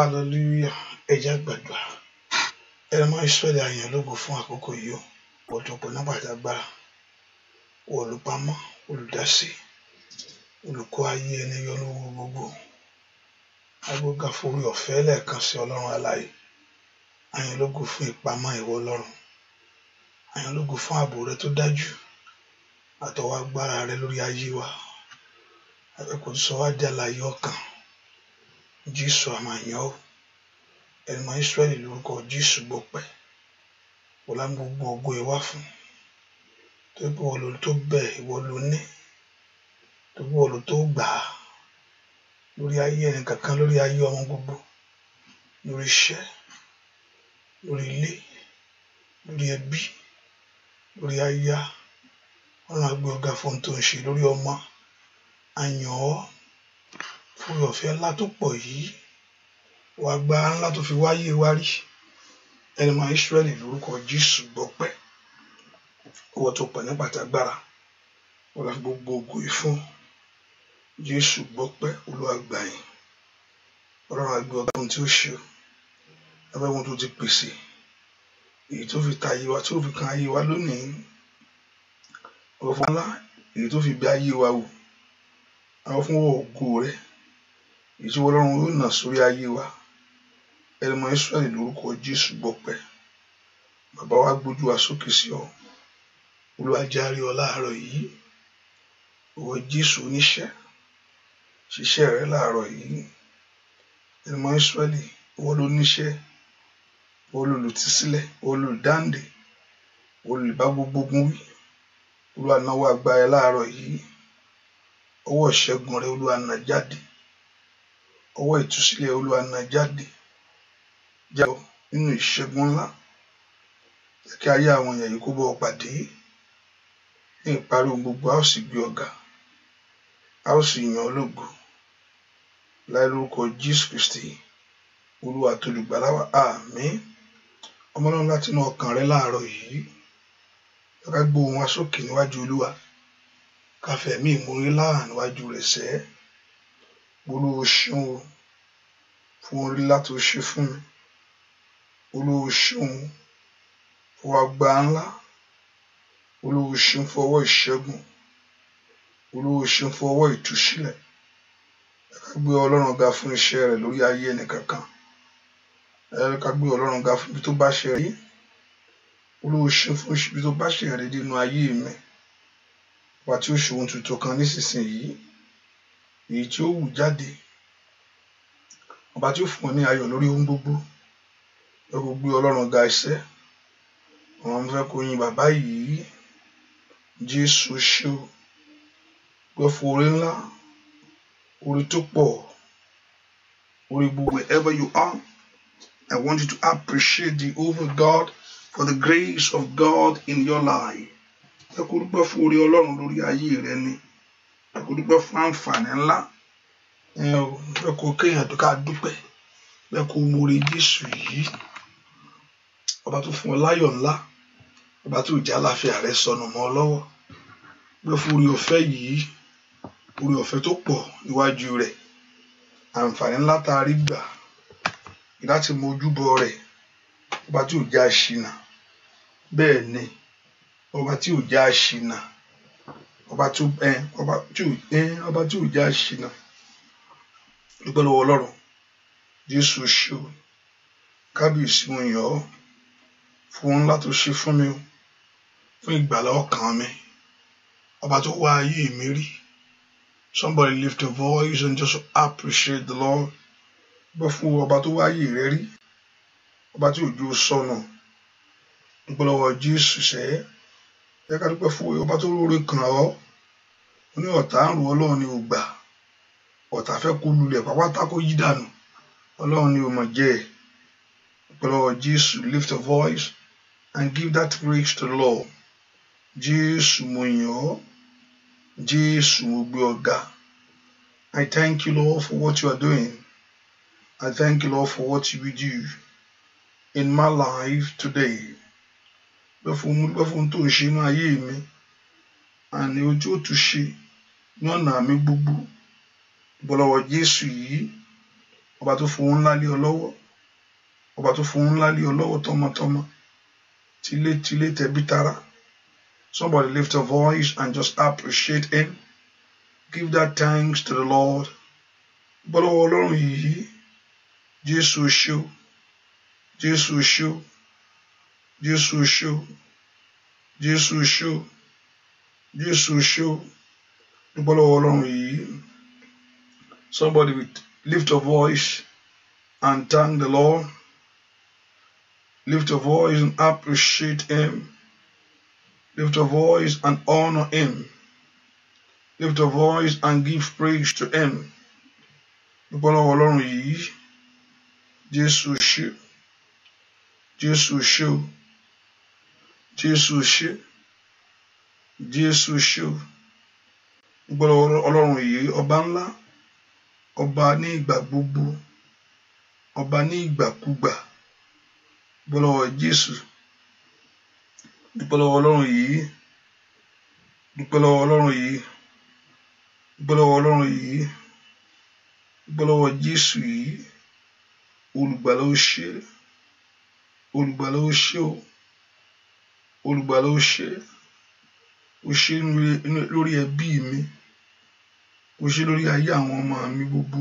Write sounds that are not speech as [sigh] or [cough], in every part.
hallelujah ẹja gbàdúrà ẹni máa ń sọ̀rọ̀ àyàn lógo fún àkókò yìí o ọ̀dọ̀pọ̀ náà bàtà gbára olùpamọ́ olùdásí olùkọ́ ayé ẹni yọ lówó gbogbo agbóga forí ọ̀fẹ́ lẹ́ẹ̀kan sí ọlọ́run aláyé àyàn lógo fún ìpamọ́ ìwọ ọlọ́run àyàn lógo fún ààbò rẹ tó dájú àtọwọ́ agbára rẹ lórí ayé wa àbẹ̀kò sọ wá di àlàyé ọkàn jésù àmà yàn ó ẹnumọ israẹli lórúkọ jésù gbọpẹ́ wọlá gbogbo ògo ìwá fún tó bí wọn lò tó bẹ ìwọ ló ní tó bí wọn lò tó gbà á lórí ayé ẹnì kankan lórí ayé ọmọ gbogbo lórí iṣẹ́ lórí ilé lórí ẹbí lórí aya Ọlọ́run àgbẹ ọgá fún tó ń ṣe lórí ọmọ àyàn ọ fún ọ̀fẹ́ ńlá tó pọ̀ yìí wàá gba ńlá tó fi wáyé wá rí ẹni máa Ísírẹ́lì lórúkọ Jésù gbọpẹ́ owó tó pọ̀ nípa tàgbára wọn la fi gbogbo ògo yìí fún Jésù gbọpẹ́ Olúwa gbà yín Ọlọ́run àgbẹ ọgbà ohun tí ó ṣe abẹ́ ohun tó ti pèsè èyí tó fi ta ayé wa tó fi kan ayé wa lónìí ọ̀fọ̀ ńlá èyí tó fi gbé ayé wa wò àwọn fún ògo rẹ̀ èyí tí Ọlọ́run yóò nà sórí ayé wa ẹlẹ́mọ Ísírẹ́lì lórúkọ Jésù gbọpẹ́ bàbá wa gbójú wa sókè sí ọ Olúwa járe ọ láàárọ̀ yìí ìwọ Jésù oníṣẹ́ ṣiṣẹ́ rẹ láàárọ̀ yìí ẹlẹ́mọ Ísírẹ́lì ìwọ ló níṣẹ́ olùlùtísílẹ̀ olùdáǹdè olùbá gbogbo ogun wí Olúwa náwó agbára yìí ọwọ́ ìṣẹ́gun rẹ Olúwa ọwọ́ ìtúsílẹ̀ olúwa náà jáde jáde nínú ìṣẹ́gun ńlá jẹ́ kí ayé àwọn èèyàn yìí kó bọ́ pàdé ní ìparí gbogbo a ó sì gbé ọ̀gá a ó sì yan ológo láì lórúkọ Jésù Kristi olúwa tó lùgbàlà wa àmín ọmọlọ́run láti inú ọkàn rẹ láàárọ̀ yìí ká gbóhùn wa sókè níwájú olúwa ká fẹ̀mí ìmúrí láàánú wájú rẹ̀ sẹ́ẹ́ olúwo ṣeun o fún orí ńlá tó ṣe fún mi olúwo ṣeun fún agbá ńlá olúwo ṣeun fún ọwọ́ ìṣẹ́gun olúwo ṣeun fún ọwọ́ ìtúsílẹ̀ ká gbé ọlọ́run ga fún iṣẹ́ rẹ̀ lórí ayé ẹnìkankan ká gbé ọlọ́run ga fún ibi tó bá ṣe rí olúwo ṣeun fún ibi tó bá ṣe rí nínú ayé mi wà tí ó ṣe ohun tuntun kan nísinsìnyí èyí tí ó wù jáde ọba tí ó fún ọ ní ayọ̀ lórí ohun gbogbo ẹ kò gbé ọlọ́run ga iṣẹ́ àwọn mo fẹ́ kó yin bàbá yìí jésù ṣó pé orí ńlá orí tó pọ̀ orí gbogbo wherever you are I want you to appreciate the over God for the grace of God in your life ẹ kó dúpẹ́ orí ọlọ́run lórí ayé rẹ ni ẹkú dúpẹ́ fún àǹfààní ńlá bẹ́ẹ̀ kó kéèyàn tó ká dúpẹ́ bẹ́ẹ̀ kó mórí Jésù yìí ọba tó fún ọ láyọ̀ ńlá ọba tó jẹ́ àlàáfíà rẹ sọnù mọ́ ọ lọ́wọ́ pé fún orí ọ̀fẹ́ yìí orí ọ̀fẹ́ tó pọ̀ níwájú rẹ̀ àǹfààní ńlá tá a rí gbà láti mojúbọ rẹ̀ ọba tí ò já ṣìnà bẹ́ẹ̀ ni ọba tí ò já ṣìnà ọba tí ẹ ọba tí ò ẹ ọba tí ò já ṣìnà dúpẹ́ lọ́wọ́ ọlọ́run jésù ṣe o kábíyèsí mo yàn ọ́ fún ńlá tó ṣe fún mi o fún ìgbàlá ọkàn mi ọba tó wá ayé mi rí somebody lift a voice and just appreciate the lord gbọ́ fún ọba tó wá ayé rẹ rí ọba tí òjò sọnù dúpẹ́ lọ́wọ́ jésù sẹ́yẹ́ yẹ ká dúpẹ́ fún ọba tó lóore kàn ọ́ ó ní ọ̀tá ń rò ọlọ́run ní ògbà ọ̀tá fẹ́ kó lulẹ̀ pàápàá kó yí dànù ọlọ́run ní òmọ̀ jẹ́ ọ̀pọ̀lọpọ̀ jésù lift a voice and give that praise to the Lord jésù mo yàn ọ́ jésù mo gbé ọ I thank you Lord for what you are doing I thank you Lord for what you will do in my life today dúpẹ́ fún mo dúpẹ́ ṣe inú ayé mi àní ojú òtú ṣe ní ọ̀nà mi gbogbo ìbọ̀lọ́wọ́ Jésù yìí ọba tó fowó ńlá lé ọ lọ́wọ́ ọba tó fowó ńlá lé ọ lọ́wọ́ tọmọtọmọ tilé tilé tẹbí somebody lift a voice and just appreciate him give that thanks to the Lord ìbọ̀lọ́wọ́ Ọlọ́run yìí Jésù ṣe o Jésù ṣe o. show, this will show, Jésù ṣó along with you. somebody with lift a voice and thank the Lord lift a voice and appreciate him lift a voice and honor him lift a voice and give praise to him you. This will show. This will show. jésù ṣe jésù ṣe o gbọ́dọ̀ ọlọ́run yìí ọba ńlá ọba ní ìgbà gbogbo ọba ní ìgbàkúgbà gbọ́dọ̀ jésù dúpẹ́ lọ́wọ́ ọlọ́run yìí dúpẹ́ ọlọ́run yìí dúpẹ́ ọlọ́run yìí dúpẹ́ jésù yìí olùgbàlà ó ṣe olùgbàlà ó ṣe o olùgbàlà ó ṣe ó ṣe lórí ẹbí mi ó ṣe lórí ayé àwọn ọmọ mi gbogbo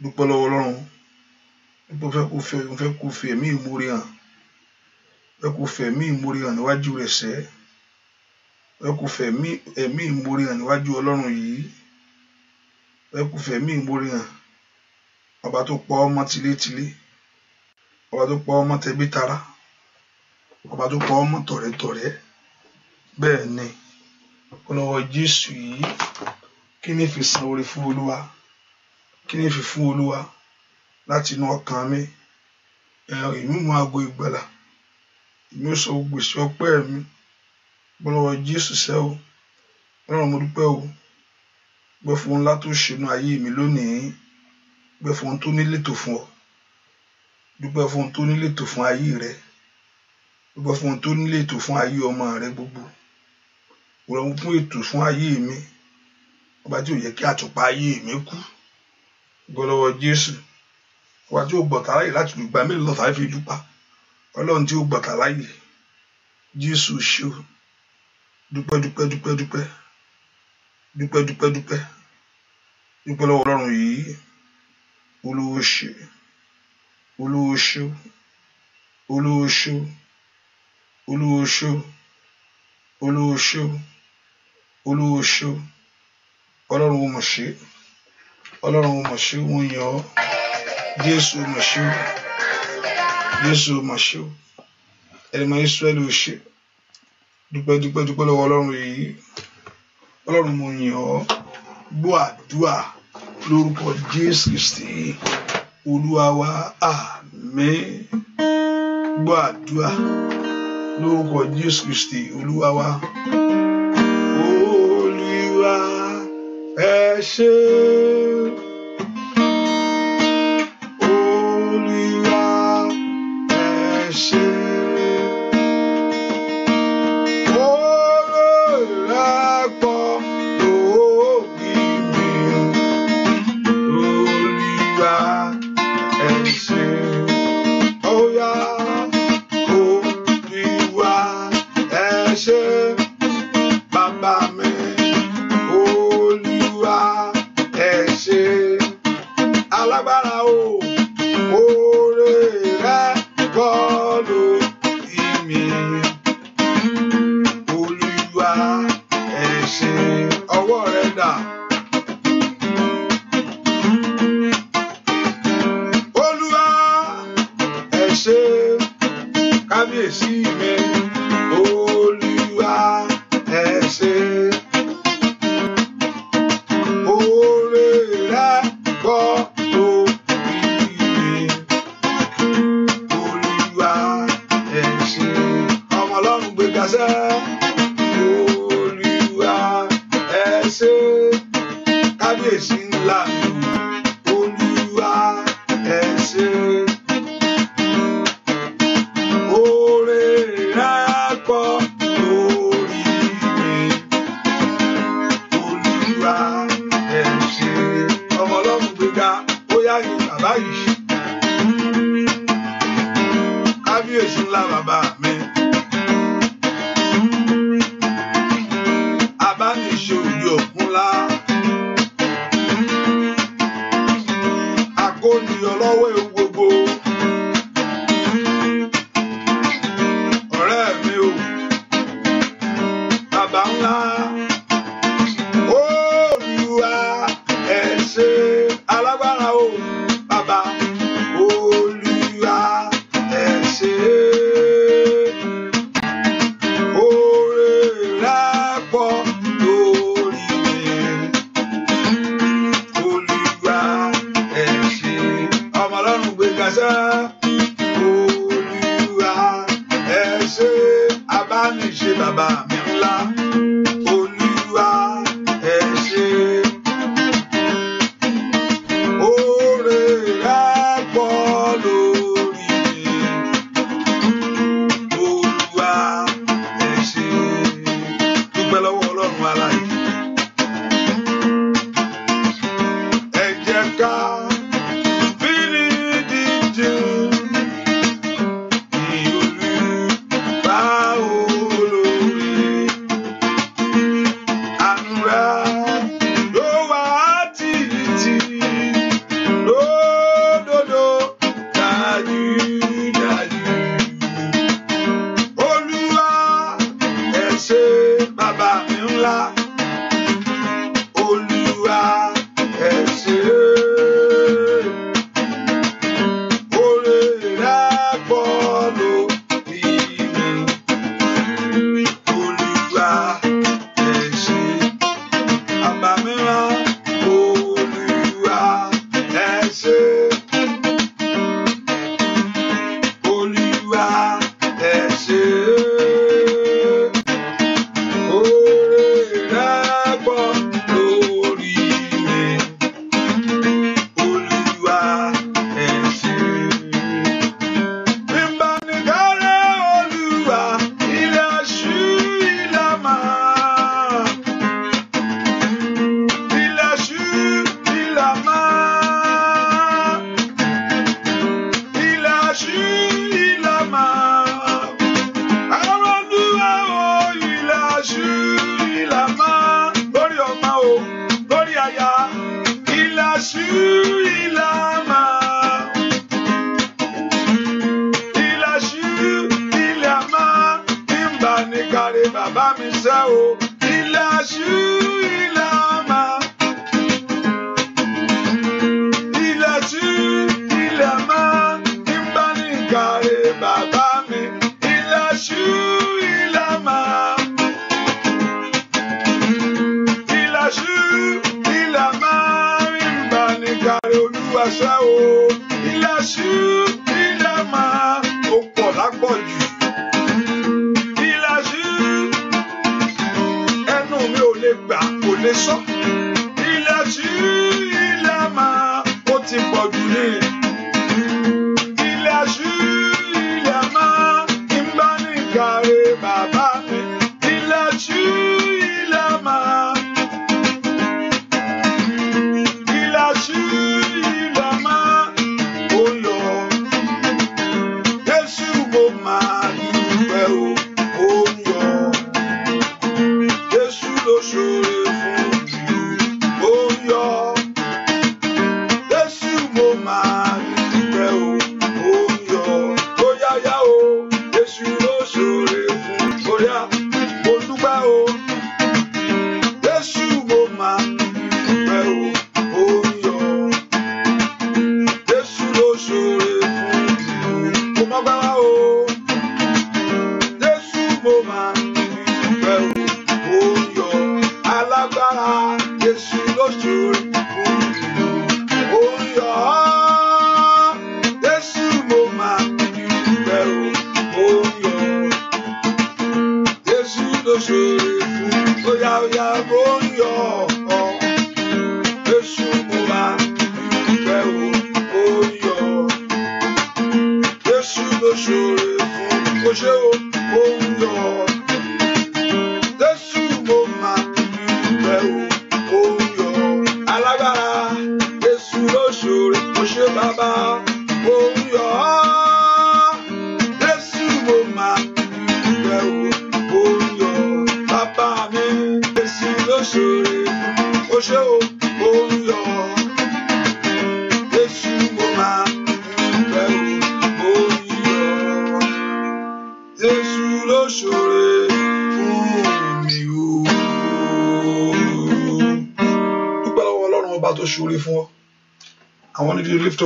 dúpẹ́ lọ́wọ́ ọlọ́run nípa fẹ́ kó fẹ́ fẹ́ kó fẹ́ mí ìmúre hàn fẹ́ kó fẹ́ mí ìmúre hàn níwájú rẹ̀ sẹ́ fẹ́ kó fẹ́ mí ìmúre hàn níwájú ọlọ́run yìí fẹ́ kó fẹ́ mí ìmúre hàn ọba tó pa ọmọ tilétilé ọba tó pa ọmọ tẹbítara ọba tó pa ọmọ tọ̀rẹ́tọ̀rẹ́ bẹ́ẹ̀ ni ọlọ́wọ́ jésù yìí kí ni fi san oore fún olúwa kí ni fi fún olúwa láti inú ọkàn mi èmi mú aago ìgbàlà èmi ò sọ gbèsè ọpẹ́ mi ọlọ́wọ́ jésù sẹ́ o ọlọ́run mo dúpẹ́ o gbẹ fún ohun ńlá tó ṣẹnu ayé mi lónìí gbẹ fún ohun tó nílètò fún ọ dúpẹ́ fún ohun tó nílètò fún ayé rẹ olúwa fún ohun tó nílé ètò fún ayé ọmọ rẹ gbogbo rọrùn fún ètò fún ayé mi ọba tí ò yẹ kí àtùpà ayé mi kú gbọlọwọ jésù ọba tí ó gbọ̀tà láyè láti lùgbà mélòó lọ́tà fi dúpa ọlọ́run tí ó gbọ̀tà láyè jésù ṣe o dúpẹ́ dúpẹ́ dúpẹ́ dúpẹ́ dúpẹ́ dúpẹ́ dúpẹ́ dúpẹ́ lọ́wọ́ yìí olówó ṣe olówó ṣe olówó ṣe olówó ṣó olówó ṣó olówó ṣó ọlọ́run ó mọ̀ ṣe ọlọ́run ó mọ̀ ṣe wọ́n yàn ọ́ jésù ó mọ̀ ṣe jésù ó mọ̀ ṣe ẹ̀rìmọ̀ israẹli ó ṣe dúpẹ́ dúpẹ́ dúpẹ́ lọ́wọ́ yìí ọlọ́run mo yàn ọ́ gbọ́ àdúrà lórúkọ jésù kristi olúwa wa àmín gbọ́ àdúrà lórúkọ Jésù Kristi olúwa wa. Olúwa ẹ ṣé. Olúwa ẹ ṣé. I ọwọ́ rẹ dà. ಎಲ್ಲ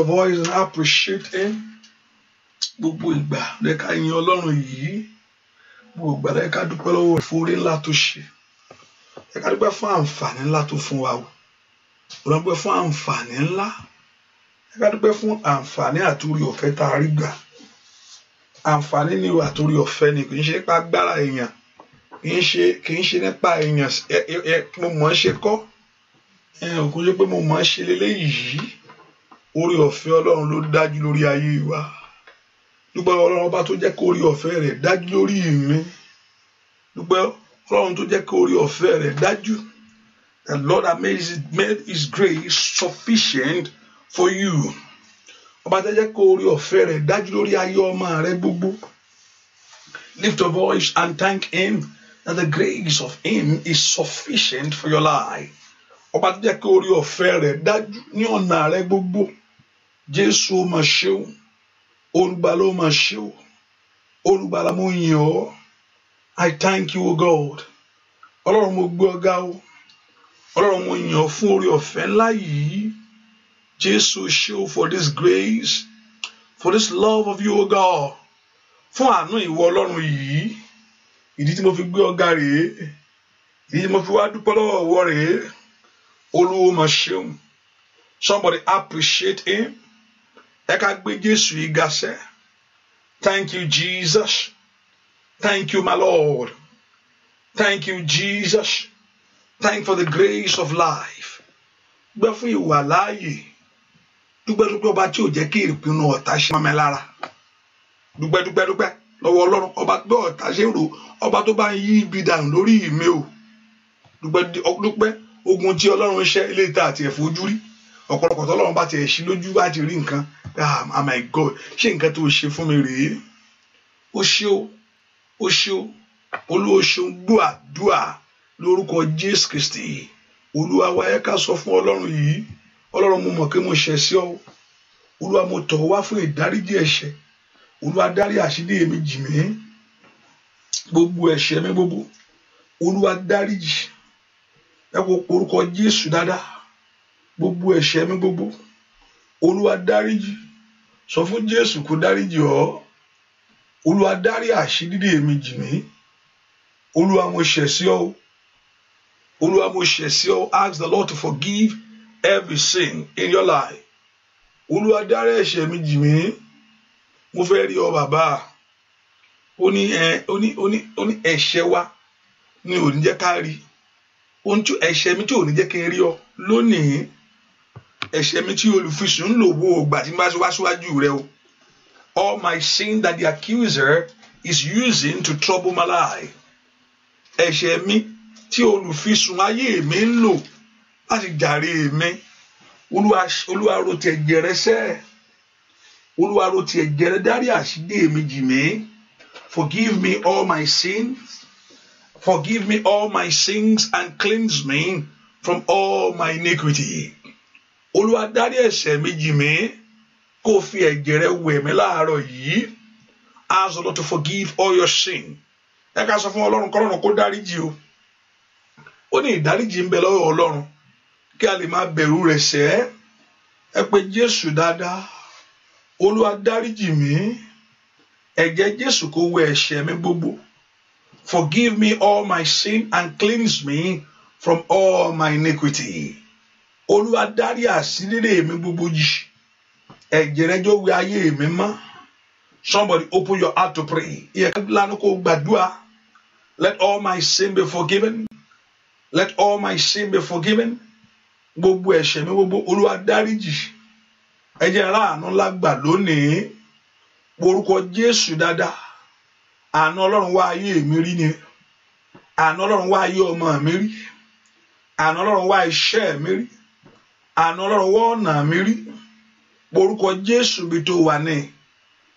voice and appreciate him gbogbo ìgbà lẹ́ka yin ọlọ́run yìí gbogbo ìgbà lẹ́ka dúpẹ́ lọ́wọ́ rẹ̀ fún orí ńlá tó ṣe lẹ́ka dúpẹ́ fún àǹfààní ńlá tó fún wa o ọlọ́pẹ́ fún àǹfààní ńlá lẹ́ka dúpẹ́ fún àǹfààní àtúrí ọ̀fẹ́ tá a rí gbà àǹfààní ni àtúrí ọ̀fẹ́ ni kì í ṣe nípa agbára èèyàn kì í ṣe kì nípa èèyàn mo mọ̀ ọ́n ṣe kọ́ òkú ṣe pé mo mọ̀ ọ́n ṣe lélẹ́yìí orí ọ̀fẹ́ ọlọ́run ló dájú lórí ayé wa dúpẹ́ ọlọ́run ọba tó jẹ́ kó orí ọ̀fẹ́ rẹ̀ dájú lórí mi dúpẹ́ ọlọ́run tó jẹ́ kó orí ọ̀fẹ́ rẹ̀ dájú the Lord that made his, made grace sufficient for you ọba tó jẹ́ kó orí ọ̀fẹ́ rẹ̀ dájú lórí ayé ọmọ rẹ gbogbo lift your voice and thank him that the grace of him is sufficient for your life ọba tó jẹ́ kó orí ọ̀fẹ́ rẹ̀ dájú ní ọ̀nà rẹ gbogbo jésù ó máa ṣe ó olùgbàlà ó máa ṣe ó olùgbàlà mo yìn ọ́ i thank you o god ọlọ́run mo gbé ọgá o ọlọ́run mo yìn ọ́ fún orí ọ̀fẹ́ ńlá yìí jésù ṣe for this grace for this love of you o god fún àánú ìwọ ọlọ́run yìí ìdí tí mo fi gbé ọgá rèé ìdí tí mo fi wá dúpẹ́ lọ́wọ́ ọ̀wọ́ rèé olúwo máa ṣeun somebody appreciate him ẹ ká gbé Jésù yìí ga sẹ́ thank you Jesus thank you my Lord thank you Jesus thank for the grace of life gbẹ fún ìwà láàyè dúpẹ́dúpẹ́ ọba tí ò jẹ́ kí ìpinnu ọ̀tá ṣe mọ́mẹ́ lára dúpẹ́dúpẹ́dúpẹ́ lọ́wọ́ ọlọ́run ọba bí ọ̀tá ṣe ń rò ọba tó bá ń yí ibi dànù lórí mi o dúpẹ́ ogun tí ọlọ́run ṣe eléyìí tá àti ẹ̀fọ́ ojú rí ọ̀pọ̀lọpọ̀ tọ́lọ́run bá tiẹ̀ ṣí lójú bá ti rí nǹkan ah, ah my god ṣé nǹkan tó ṣe fún mi rèé ó ṣe ó ó ṣe ó olúwa ṣeun gbọ́ àdúà lórúkọ jésù kristi olúwa wa ẹ ká sọ fún ọlọ́run yìí ọlọ́run mo mọ̀ pé mo ṣẹ̀ sí ọ olúwa mo tọ̀ wá fún ìdáríjì ẹ̀ṣẹ̀ olúwa dárí àṣírí èmi jì mí gbogbo ẹ̀ṣẹ̀ mi gbogbo olúwa dáríjì ẹ kò porúkọ jésù dáadáa gbogbo ẹ̀ṣẹ̀ mi gbogbo olúwa dáríjì sọ fún jésù kó dáríjì ọ olúwa dárí àṣírí mi jì mí olúwa mo ṣẹ̀ sí ọ olúwa mo ṣẹ̀ sí ọ ask the lord to forgive every sin in your life olúwa dárí ẹ̀ṣẹ̀ mi jì mí mo fẹ́ rí ọ bàbá ó ní ẹ̀ṣẹ̀ wa ni ò ní jẹ́ ká rí ohun tí ẹ̀ṣẹ̀ mi tí ò ní jẹ́ kí n rí ọ lónìí ẹ̀ṣẹ̀ mi tí olùfisùn ń lò wo ògbà tí n wá síwájú rẹ o all my sin that the accuser is using to trouble my life ẹ̀ṣẹ̀ mi tí olùfisùn ayé mi ń lò láti jàre mi olúwa ro rẹ sẹ́ olúwa ro rẹ dárí àṣìdé mi jì mí forgive me all my sins forgive me all my sins and cleanse me from all my iniquity olúwa dárí ẹ̀ṣẹ̀ mi jì mí kó o fi ẹ̀jẹ̀ rẹ wẹ̀ mí láàárọ̀ yìí ask Lord to forgive all your sin ẹ ká sọ fún ọlọ́run kọ́lọ́run kó dáríjì o ó ní ìdáríjì ń bẹ lọ́wọ́ ọlọ́run kí a lè máa bẹ̀rù rẹ̀ sẹ́ ẹ pé jésù dáadáa olúwa dáríjì mí ẹ̀jẹ̀ jésù kó wẹ ẹ̀ṣẹ̀ mi gbogbo forgive me all my sin and cleanse me from all my iniquity olúwa dárí àṣírí èmi gbogbo yìí ẹ̀jẹ̀ rẹ jọ wẹ ayé mi mọ́ somebody open your heart to pray ìyẹn ká lánàá kó gbàdúrà let all my sin be forgiven let all my sin be forgiven gbogbo ẹ̀ṣẹ̀ mi gbogbo olúwa dáríjì ẹ̀jẹ̀ rẹ àánú lágbà lónìí orúkọ jésù dáadáa àánú ọlọ́run wá ayé mi rí ni àánú ọlọ́run wá ayé ọmọ mi rí àánú ọlọ́run wá iṣẹ́ mi rí àna ọlọ́run wọ́ ọ̀nà mi rí orúkọ jésù bí tó wà ní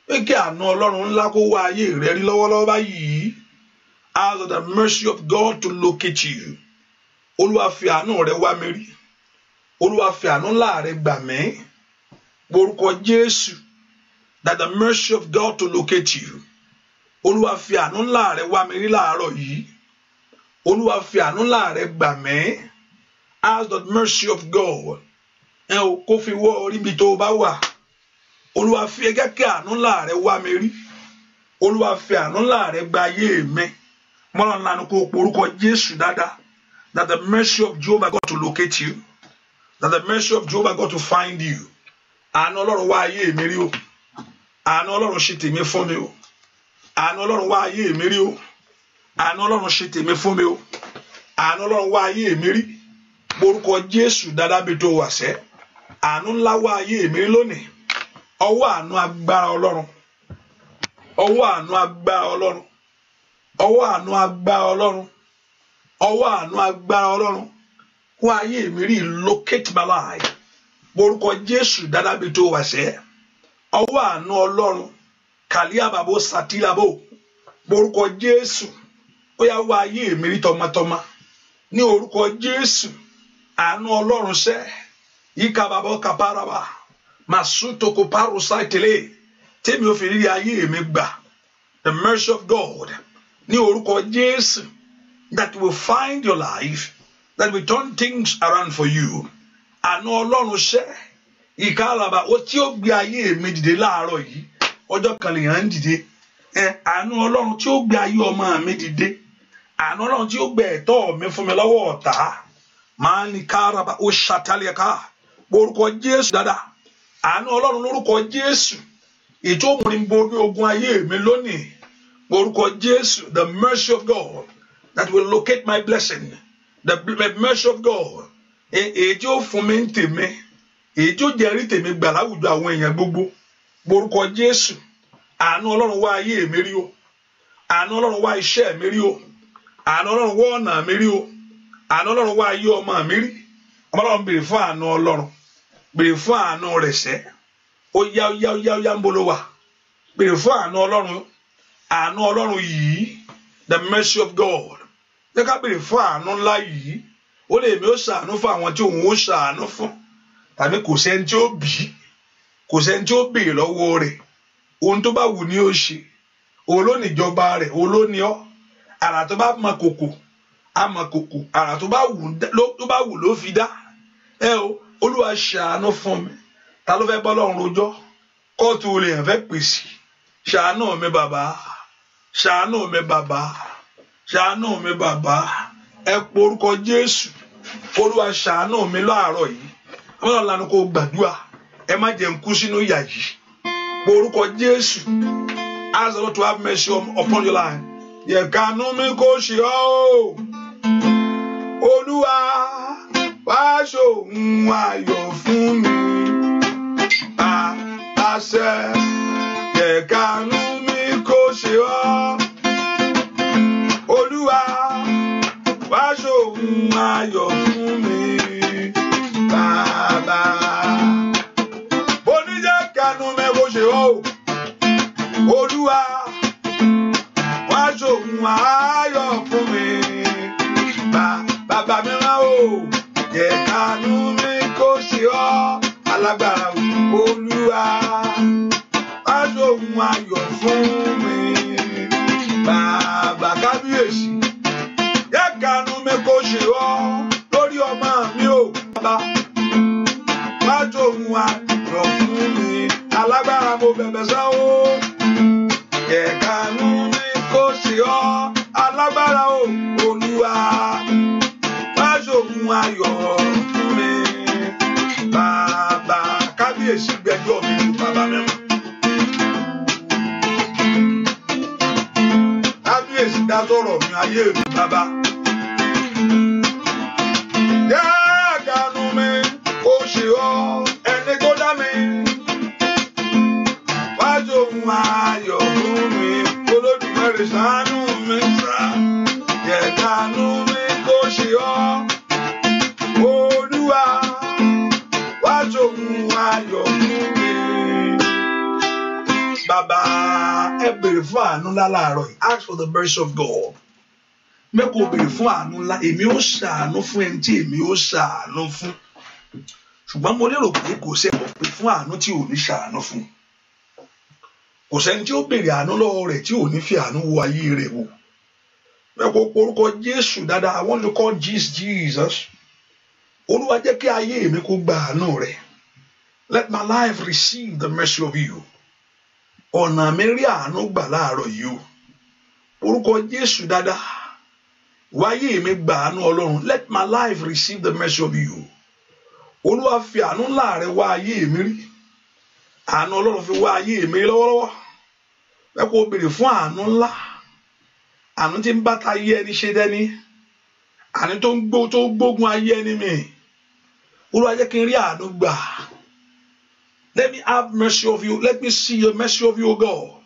pé kí àna ọlọ́run ńlá kó wá ayé rẹ rí lọ́wọ́lọ́wọ́ báyìí As the mercy of God to locate you olúwa fi àánú rẹ wá mi rí olúwa fi àánú ńlá rẹ gbà mí orúkọ jésù that the mercy of God to locate you olúwa fi àánú ńlá rẹ wá mi rí láàárọ̀ yìí olúwa fi àánú ńlá rẹ gbà mí As the mercy of God kó fi wọ orí tó o bá wà olúwa fi ẹgẹ́ kí àánú ńlá rẹ wá mi rí olúwa fi àánú ńlá rẹ gba ayé mi mọ́nà ńlanu kó o porúkọ jésù dáadáa that the mercy of Jehovah got to locate you that the mercy of Jehovah got to find you àánú ọlọ́run wá ayé mi rí o àánú ọlọ́run ṣe tèmi fún mi o àánú ọlọ́run wá ayé mi rí o àánú ọlọ́run ṣe tèmi fún mi o àánú ọlọ́run wá ayé mi rí orúkọ jésù dáadáa bí tó wà sẹ́ẹ́ àánú ńlá wá ayé mi lónìí ọwọ́ àánú agbára ọlọ́run ọwọ́ àánú agbára ọlọ́run ọwọ́ àánú agbára ọlọ́run ọwọ́ àánú agbára ọlọ́run wá ayé mi rí locate my life borúkọ jésù dáadáa bí tó wà sẹ́ ọwọ́ àánú ọlọ́run kàlíàbàbò sàtìlábò borúkọ jésù ó yá wá ayé mi rí tọmọtọmọ ní orúkọ jésù àánú ọlọ́run sẹ́ẹ̀ ikababo kaparaba masuto koparo saitele tèmi ò fi ayé mi gbà the mercy of God ní orúkọ Jésù that will find your life that will turn things around for you àná Ọlọ́run ṣẹ́ ìkàlàbà ó tí ó gbé ayé mi dìde láàárọ̀ yìí ọjọ́ kan lèèyàn ń dìde àánú eh, Ọlọ́run tí ó gbé ayé ọmọ mi dìde àánú Ọlọ́run tí ó gbé ẹ̀tọ́ mi fún mi lọ́wọ́ ọ̀tá máa ní káraba ó ṣàtàlẹ́ká orúkọ jésù dáadáa àánú ọlọ́run lórúkọ jésù ètò òmùrí ń borí ogun ayé mi lónìí orúkọ jésù the mercy of God that will locate my blessing the, mercy of God e-, èyí tí ó fún mi ń tèmi èyí tí ó jẹ́rìí tèmi gbà láwùjọ àwọn èèyàn gbogbo orúkọ jésù àánú ọlọ́run wá ayé mi rí o àánú ọlọ́run wá iṣẹ́ mi rí o àánú ọlọ́run wá ọ̀nà mi rí o àánú ọlọ́run wá ayé ọmọ mi rí ọmọ ọlọ́run béèrè fún àánú ọlọ́run béèrè fún àánú rẹ̀ sẹ́ ó yá ó yá ó yá ó yá ń bolo wà béèrè fún àánú ọlọ́run àánú ọlọ́run yìí the mercy of God jẹ́ ká béèrè fún àánú ńlá yìí ó lè mi ó ṣàánú fún àwọn tí òun ó ṣàánú fún tàbí kò sẹ́ni tí ó bì í kò sẹ́ni tí ó béèrè lọ́wọ́ rẹ̀ ohun tó bá wù ni ó ṣe òun ló níjọba rẹ̀ òun ló ní ọ́ àrà tó bá mọ kòkò àmọ kòkò àrà tó bá wù ló fi dá ẹ o olúwa ṣàánú fún mi ta ló fẹ́ bọ́ lọ́run rojọ́ kóòtù olè yẹn fẹ́ pèsè ṣàánú mi bàbá ṣàánú mi bàbá ṣàánú mi bàbá ẹ po orúkọ jésù olúwa ṣàánú mi láàárọ̀ yìí wọn náà lanu kó gbàdúrà ẹ má jẹ́ n kú sínú ìyà yìí po jésù ask the Lord to have mercy yẹ kánú mi kó ṣe ọ́ o olúwa wá ṣòun ayọ̀ fún mi pa àṣẹ kẹ̀kánú mi kò ṣe ọ́ olúwa wá ṣòun ayọ̀ fún mi bàbá oníjẹ́ kẹ̀kánú mi kò ṣe ọ́ olúwa wá ṣòun ayọ̀ fún mi bàbá mi rán o jẹ́ kánú mi kó ṣe ọ́ alágbára olúwa má ṣòhun ayọ̀ fún mi bàbá kábíyèsí jẹ́ kánú mi kó ṣe ọ́ lórí ọmọ mi ò bàbá má ṣòhun ayọ̀ fún mi alágbára mo bẹ̀bẹ̀ sáwó jẹ́ mi kó ṣe ọ́ alágbára o olúwa má ṣòhun ayọ̀. àjọ mi kò bàbá mẹ́mọ́. láàárọ̀ yìí ask for the mercy of God mẹ́kọ̀ọ́ béèrè fún àánú ńlá èmi ó ṣàánú fún ẹni tí èmi ó ṣàánú fún ṣùgbọ́n mo lérò pé kò sẹ́kọ̀ọ́ pé fún àánú tí ò ní ṣàánú fún kò sẹ́ni tí ó béèrè àánú lọ́wọ́ rẹ̀ tí ò ní fi àánú wo ayé rẹ̀ wò mẹ́kọ̀ọ́ porúkọ Jésù dáadáa I want to call Jesus Jesus Olúwa jẹ́ kí ayé mi kó gba àánú rẹ̀ let my life receive the mercy of you ọ̀nà mi rí àánú gbà láàárọ̀ yìí o orúkọ Jésù dáadáa wáyé mi gbà àánú Ọlọ́run let my life receive the mercy of you Olúwa fi àánú ńlá rẹ wá ayé mi rí àánú Ọlọ́run fi wá ayé mi rí lọ́wọ́lọ́wọ́ ẹ kò béèrè fún àánú ńlá àánú tí ń bá ta ayé ẹni ṣe dẹ́ni àánú tó ń gbógun ayé ẹni mi Olúwa jẹ́ kí n rí àánú gbà Let me have mercy of you. Let me see your mercy of you, God.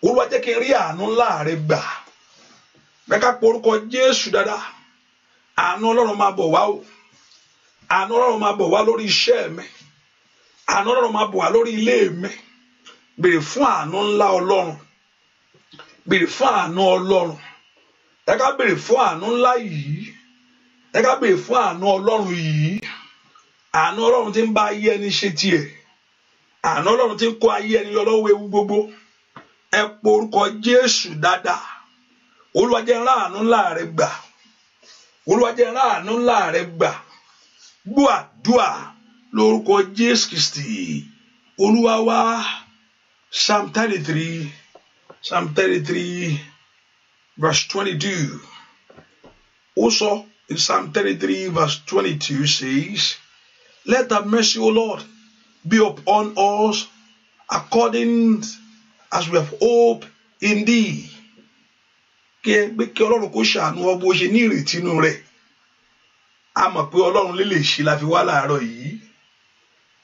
Olúwa jẹ́ kí n rí àánú ńlá rẹ gbà. Mẹ́ka porúkọ Jésù dáadáa. Àánú Ọlọ́run máa bọ̀ wá o. Àánú Ọlọ́run máa bọ̀ wá lórí iṣẹ́ mi. Àánú Ọlọ́run máa bọ̀ wá lórí ilé mi. Béèrè fún àánú ńlá Ọlọ́run. Béèrè fún àánú Ọlọ́run. Ẹ ká béèrè fún àánú ńlá yìí. Ẹ ká fún àánú Ọlọ́run yìí. Àánú Ọlọ́run ti ń bá ayé ẹni ṣe tiẹ̀ àná ọlọ́run ti ń kó ayé ẹni yọ lọ́wọ́ ewu gbogbo ẹ po orúkọ jésù dáadáa olúwa jẹ́ ńlá àánú ńlá rẹ gbà olúwa jẹ́ ńlá àánú ńlá rẹ gbà gbọ́ lórúkọ jésù kristi olúwa psalm thirty three psalm thirty three verse twenty two ó sọ in psalm thirty three verse twenty two says let thy mercy o lord be upon us according as we have hope in thee kí ẹ gbé kí ọlọ́run kó ṣàánú ọ bó ṣe ní ìrètí inú rẹ̀ a mọ̀ pé ọlọ́run lè lè ṣe la fi wá láàárọ̀ yìí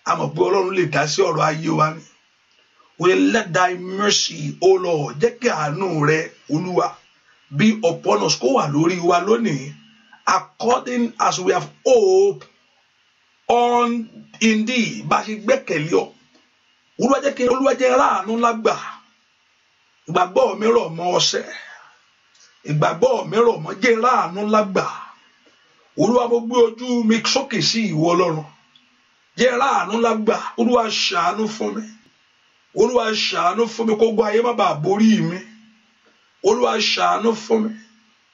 a mọ̀ pé ọlọ́run lè dá sí ọ̀rọ̀ ayé wa ni we let thy mercy o Lord jẹ́ kí àánú rẹ olúwa be upon us kó wà lórí wa lónìí according as we have hope on indeed bá a ṣe gbẹ́kẹ̀lé ọ olúwàjẹ́ olúwàjẹ́ ráàánú lágbà ìgbàgbọ́ mi rọ̀ mọ́ ọṣẹ ìgbàgbọ́ mi rọ̀ mọ́ jẹ́ ráàánú lágbà olúwa mo gbé ojú mi sókè sí ìwọ ọlọ́run jẹ́ ráàánú lágbà olúwa ṣàánú fún mi olúwa ṣàánú fún mi kó gbọ́ ayé má bàa borí mi olúwa ṣàánú fún mi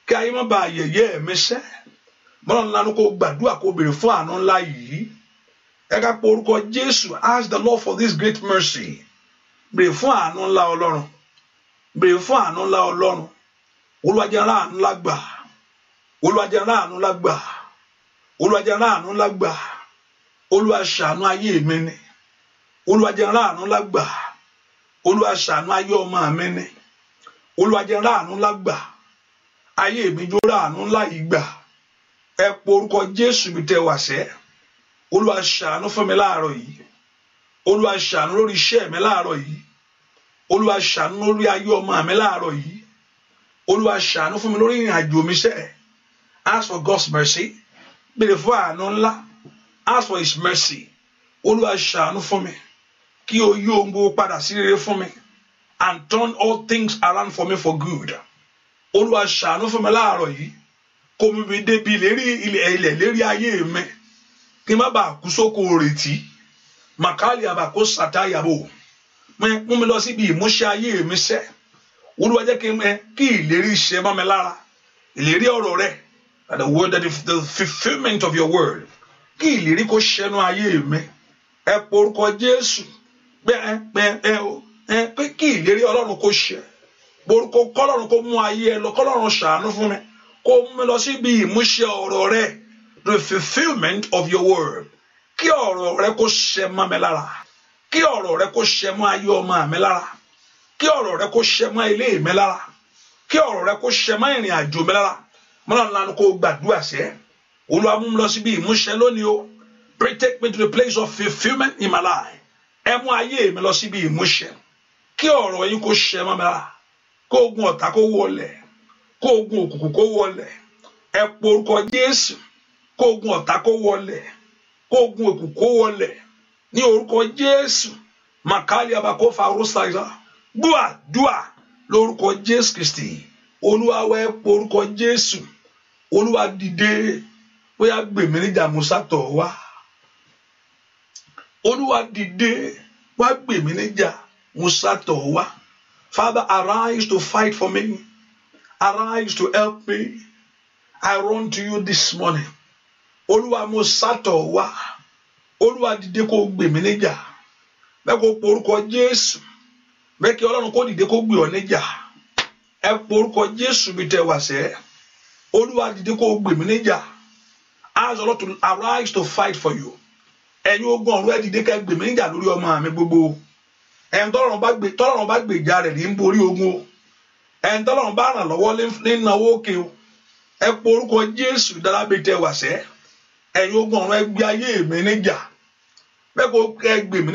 kí ayé má bàa yẹ̀yẹ́ mi sẹ́ẹ́ mọ́nà ńlá ni kò gbàdúrà kò béèrè fún àánú ńlá yìí ẹ ká pe orúkọ Jésù ask the Lord for this great mercy béèrè fún àánú ńlá Ọlọ́run béèrè fún àánú ńlá Ọlọ́run Olúwa jẹ́ ara àánú ńlá gbà Olúwa jẹ́ ara àánú ńlá gbà Olúwa jẹ́ ara àánú ńlá gbà Olúwa ṣàánú ayé mi ni Olúwa jẹ́ ara àánú ńlá gbà Olúwa ṣàánú ayé ọmọ mi ni Olúwa jẹ́ ara àánú ńlá gbà ayé mi jó ra àánú ńlá yìí gbà ẹ po orúkọ jésù bí tẹ wà sẹ́ olúwa ṣàánú fún mi láàárọ̀ yìí olúwa ṣàánú lórí iṣẹ́ mi láàárọ̀ yìí olúwa ṣàánú lórí ayé ọmọ mi láàárọ̀ yìí olúwa ṣàánú fún mi lórí ìrìn àjò mi sẹ́ ask for God's mercy béèrè fún àánú ńlá ask for his mercy olúwa ṣàánú fún mi kí o yí ohun gbogbo padà sí rere fún mi and turn all things around for me for good olúwa ṣàánú fún mi láàárọ̀ yìí kó mú mi débi ilẹ̀ lérí ayé mi kí n má bàa kú sóko retí màkàlì àbàkó sàtáyàbò mú mi lọ síbi ìmúṣẹ ayé mi ṣẹ olúwa jẹ́ kí n mẹ kí ìlérí ṣẹ mọ́ mi lára ìlérí ọ̀rọ̀ rẹ the word that is the fulfilment of your word kí ìlérí kó ṣẹnu ayé mi ẹ porúkọ jésù pẹ́ẹ́pẹ́ẹ́ o kí ìlérí ọlọ́run kó ṣẹ porúkọ kọ́lọ́run kó mú ayé ẹ lọ kọ́lọ́run ṣàánú fún mi kó mú lọ síbi ìmúṣẹ ọ̀rọ̀ rẹ the fulfilment of your word kí ọ̀rọ̀ rẹ kó ṣẹ mọ́ mi lára kí ọ̀rọ̀ rẹ kó ṣẹ mọ́ ayé ọmọ mi lára kí ọ̀rọ̀ rẹ kó ṣẹ mọ́ ilé mi lára kí ọ̀rọ̀ rẹ kó ṣẹ mọ́ ìrìn àjò mi lára mọ́nà ńlá ni kò gbàdúrà sẹ́ olúwa mú mi lọ síbi ìmúṣẹ lónìí o pray take me to the place of fulfilment in my life ẹ mú ayé mi lọ síbi ìmúṣẹ kí ọ̀rọ̀ yín kó ṣẹ mọ́ mi lára kó ogun ọ̀tá kó wọlẹ̀ kó ogun òkùnkùn kó wọlẹ̀ ẹ po orúkọ Jésù kó ogun ọ̀tá kó wọlẹ̀ kó ogun òkùnkùn kó wọlẹ̀ ní orúkọ Jésù màkàlì abakofa rúṣàlá gbúàdúà lórúkọ Jésù Kristi Olúwa wá ẹ po orúkọ Jésù Olúwa dìde bóyá gbèmí níjà musa tọ̀ wá Olúwa dìde wá gbèmí níjà musa tọ̀ wá Father arise to fight for me arise to help me. I run to you this morning. Olúwa mo sátọ̀ wá. Olúwa dìde kó gbè mí níjà. Bẹ́ẹ̀ kó porúkọ Jésù. Bẹ́ẹ̀ kí Ọlọ́run kó dìde kó gbè ọ́ níjà. Ẹ porúkọ Jésù bí tẹ wá sẹ́. Olúwa dìde kó gbè mí níjà. Ask the Lord to arise to fight for you. Ẹ̀yin ogun ọ̀rọ̀ ẹ dìde ká gbè mí níjà lórí ọmọ mi gbogbo. Ẹ̀yin tọ́lọ́run bá gbèjà rẹ̀ ní borí ogun o ẹni tọ́lọ́run bá ràn lọ́wọ́ nínáwó òkè o ẹ po orúkọ Jésù tẹ wà sẹ́ ẹ̀yin ogun ọ̀run ayé mi níjà bẹ́ẹ̀ kó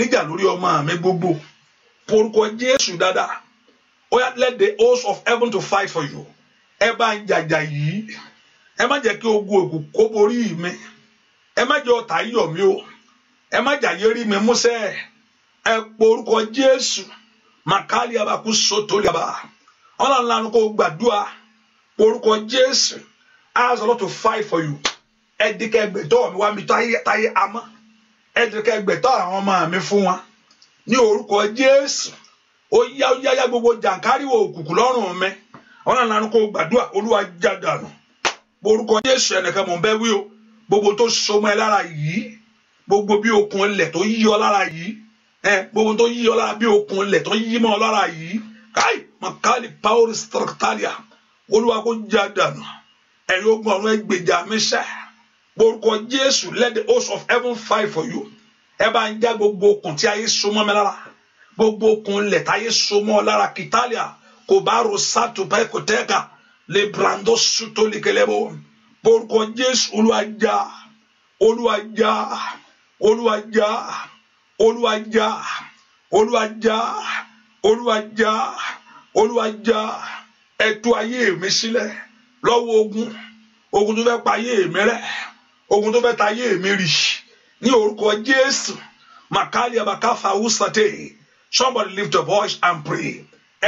níjà lórí host of heaven to fight for you ẹ bá ń jàjà yìí ẹ má jẹ́ kí ogun òkú kó borí mi ẹ má jẹ́ ọ̀tá o ẹ má ọlọ́run lanu kó gbàdúrà orúkọ jésù I ask the Lord to fight for you ẹ̀dínkẹ́ ẹgbẹ̀tọ́ mi wá mi táyé amọ́ ẹ̀dínkẹ́ ẹgbẹ̀tọ́ àwọn ọmọ mi fún wa ní orúkọ jésù ó yá yáyá gbogbo jàǹkáríwò òkùnkùn lọ́rùn mi ọlọ́run lanu kó gbàdúrà olúwa jádànù orúkọ jésù ẹnìkan mọ̀ bẹ́ẹ̀ wí o gbogbo tó so mọ́ ẹ lára yìí gbogbo bí okùn ilẹ̀ tó yí ọ lára yìí ẹ gbogbo tó yí ọ lára bí okùn ilẹ̀ tó yí mọ́ ọ lára yìí káì makali paul stratalia olúwa kó já dànù ẹ̀yin ogun ọ̀run ẹgbèjà mẹ́sà gbórúkọ jésù let the host of heaven fight for you ẹ bá ń já gbogbo okùn tí ayé so mọ́ mi lára gbogbo okùn lẹ̀ tí ayé so mọ́ ọ lára kìtàlíà kò bá ro sátò báyìí kò tẹ́ka lè brando sùtò lè bò gbórúkọ jésù olúwa já olúwa já olúwa já olúwa já olúwa já olúwa já olúwa já ayé mi sílẹ̀ lọ́wọ́ ogun ogun tó fẹ́ pa ayé mi rẹ́ ogun tó fẹ́ ta ayé mi rì ní orúkọ jésù makali abakafa usate somebody lift your voice and pray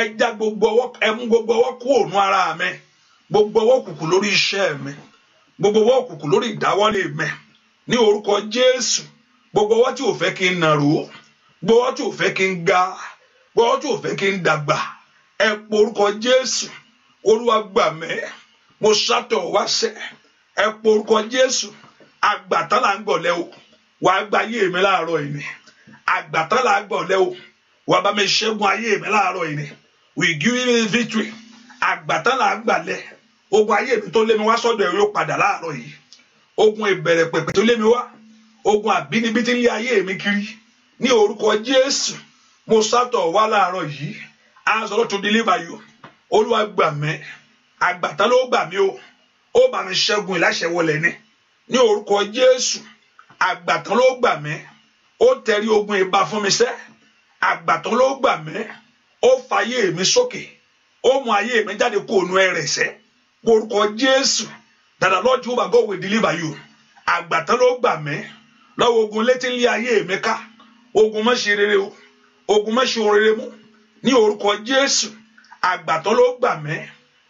ẹ gbogbo ọwọ́ ẹ gbogbo ọwọ́ kú òun ara mi gbogbo ọwọ́ òkùnkùn lórí iṣẹ́ mi gbogbo ọwọ́ òkùnkùn lórí ìdáwọ́lé mi ní orúkọ jésù gbogbo ọwọ́ tí ò fẹ́ kí n nàró gbogbo ọwọ́ tí ò fẹ́ kí n ga gbogbo ọwọ́ tí ò fẹ́ kí n dàgbà ẹ porúkọ jésù olúwa gbà mí mo wá jésù àgbàtà o wà á gba ayé mi láàárọ̀ yìí ni àgbàtà là ń o wà á bá mi ṣẹ́gun ayé mi láàárọ̀ yìí ni we give you victory àgbàtà là ń ogun ayé mi tó mi wá sọ́dọ̀ ẹ̀rọ padà láàárọ̀ ogun ìbẹ̀rẹ̀ pẹ̀pẹ̀ tó lé mi wá ogun àbínibí As the Lord to deliver you olúwa gbà mí àgbàtà ló gbà mí o ó bá mi ṣẹ́gun ìláṣẹwọlẹ̀ ni ní orúkọ Jésù àgbàtà ló gbà mí ó tẹrí ogun ìbá fún mi sẹ́ àgbàtà ló gbà mí ó fa ayé mi sókè ó mú ayé mi jáde kó nu ẹrẹ̀ sẹ́ orúkọ Jésù that the Lord Jehovah God will deliver you àgbàtà ló gbà mí lọ́wọ́ ogun létí lé ayé mi ká ogun má ṣe rere o ogun má ṣe rere mú ní orúkọ Jésù àgbàtọ́ ló gbà mẹ́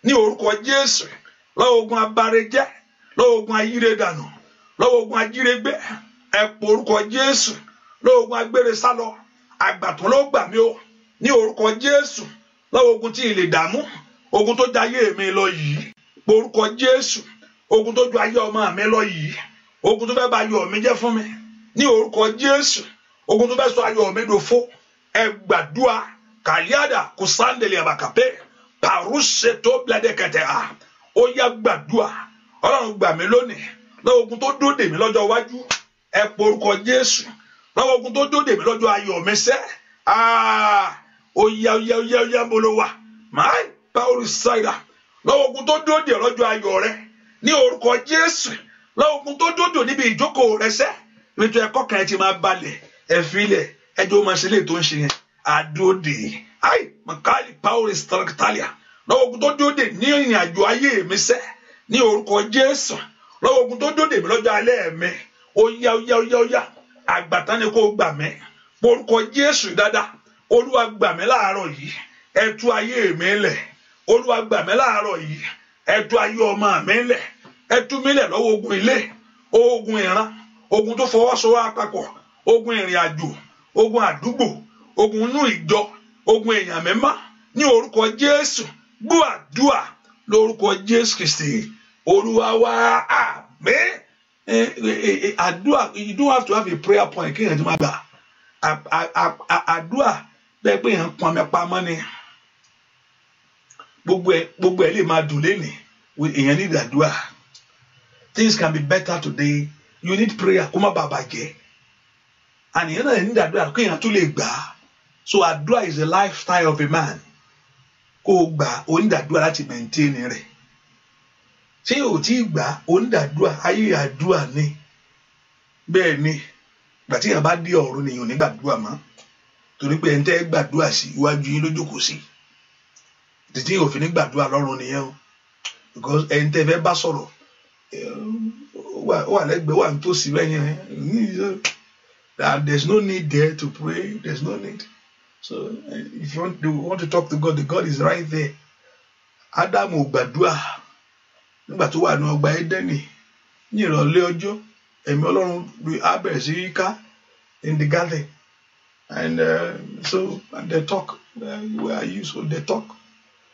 ní orúkọ Jésù lọ́wọ́ ogun abarejẹ́ lọ́wọ́ ogun ayíredànù lọ́wọ́ ogun ajírégbé ẹ̀pọ̀ orúkọ Jésù lọ́wọ́ ogun agbére sálọ àgbàtọ́ ló gbà mí o ní orúkọ Jésù lọ́wọ́ ogun tí ilè dààmú ogun tó jayé mi lọ yìí orúkọ Jésù ogun tó ju ayé ọmọ mi lọ yìí ogun tó fẹ́ bà ayọ̀ mi jẹ́ fún mi ní orúkọ Jésù ogun tó fẹ́ sọ ayọ̀ mi dòfo ẹ gbàdúrà kàlíàdà kò sáńdẹ̀lì àbàkàpé pàrúṣe tó bílẹ̀dẹ̀ kẹtẹ̀ra ó yá gbàdúà ọlọ́run gbà mí lónìí lọ́wọ́ tó dóde mi lọ́jọ́ iwájú ẹ porúkọ jésù lọ́wọ́ ogun tó dóde mi lọ́jọ́ ayọ̀ mi sẹ́ ó yá ó yá ó yá ó yá mbolo wa máa pàrọ̀ sáyà lọ́wọ́ ogun tó dóde lọ́jọ́ ayọ̀ rẹ ní orúkọ jésù lọ́wọ́ ogun tó dóde níbi ìjókòó rẹ sẹ́ ètò ẹ̀kọ́ kan ẹ ti máa balẹ̀ ẹ filẹ̀ ẹjọ́ máa ṣe lè tó ń ṣe yẹn àdóde ayi makali paul strangtalia lọ́wọ́ ogun tó dóde ní ìrìn àjò ayé mi sẹ́ ní orúkọ jésù lọ́wọ́ ogun tó dóde mi lọ́jọ́ alẹ́ mi ó yá ó yá ó ni kò gbà mí orúkọ jésù dáadáa olúwa gbà mí láàárọ̀ yìí ẹ tú ayé mi lẹ̀ olúwa gbà mí láàárọ̀ yìí ẹ tú ayé ọmọ mi lẹ̀ ẹ tú mi lẹ̀ lọ́wọ́ ogun ilé ogun ìran ogun tó fọwọ́sowọ́ àpapọ̀ ogun ìrìn àjò ogun àdúgbò ogun inú ìjọ ogun èèyàn mẹ́má ní orúkọ jésù gbúàdúà lórúkọ jésù kristi olúwa wa àdúà you don't have to have a prayer point kéèyàn ti máa gbà àdúà bẹ́ẹ̀ pé èèyàn pọn mi pamọ́ ni gbogbo ẹ lè máa dùn lẹ́nìí èèyàn ní ìdàdúrà things can be better today you need prayer kó má bàa bàjẹ́ àníyàn náà ní ìdàdúrà kéèyàn tó lè gbà á so adua is the lifestyle of a man kó o gbà onídàdúrà láti maintain rẹ̀ ṣé o ti gbà onídàdúrà ayé àdúrà ni bẹ́ẹ̀ ni ìgbà tí yàrá bá dé ọ̀run nìyẹn ò ní gbàdúrà mọ́ torí pé ẹni tẹ́ gbàdúrà sí iwájú yín lójú kò sí títí òfin ní gbàdúrà lọ́run nìyẹn o because ẹni tẹ́ fẹ́ bá sọ̀rọ̀ eh, wà lẹ́gbẹ̀ẹ́ wà nítòsí lẹ́yìn there is no need there to pray there is no need. So eh, if you want to, want to talk to God, the God is right there. Ádámù ò gbàdúrà nígbà tó wà ní ọgbà Édẹ́nì ní ìrọ̀lẹ́ ọjọ́ ẹ̀mí Ọlọ́run á bẹ̀rẹ̀ sí yíká in the garden and uh, so and they talk uh, where are you so they talk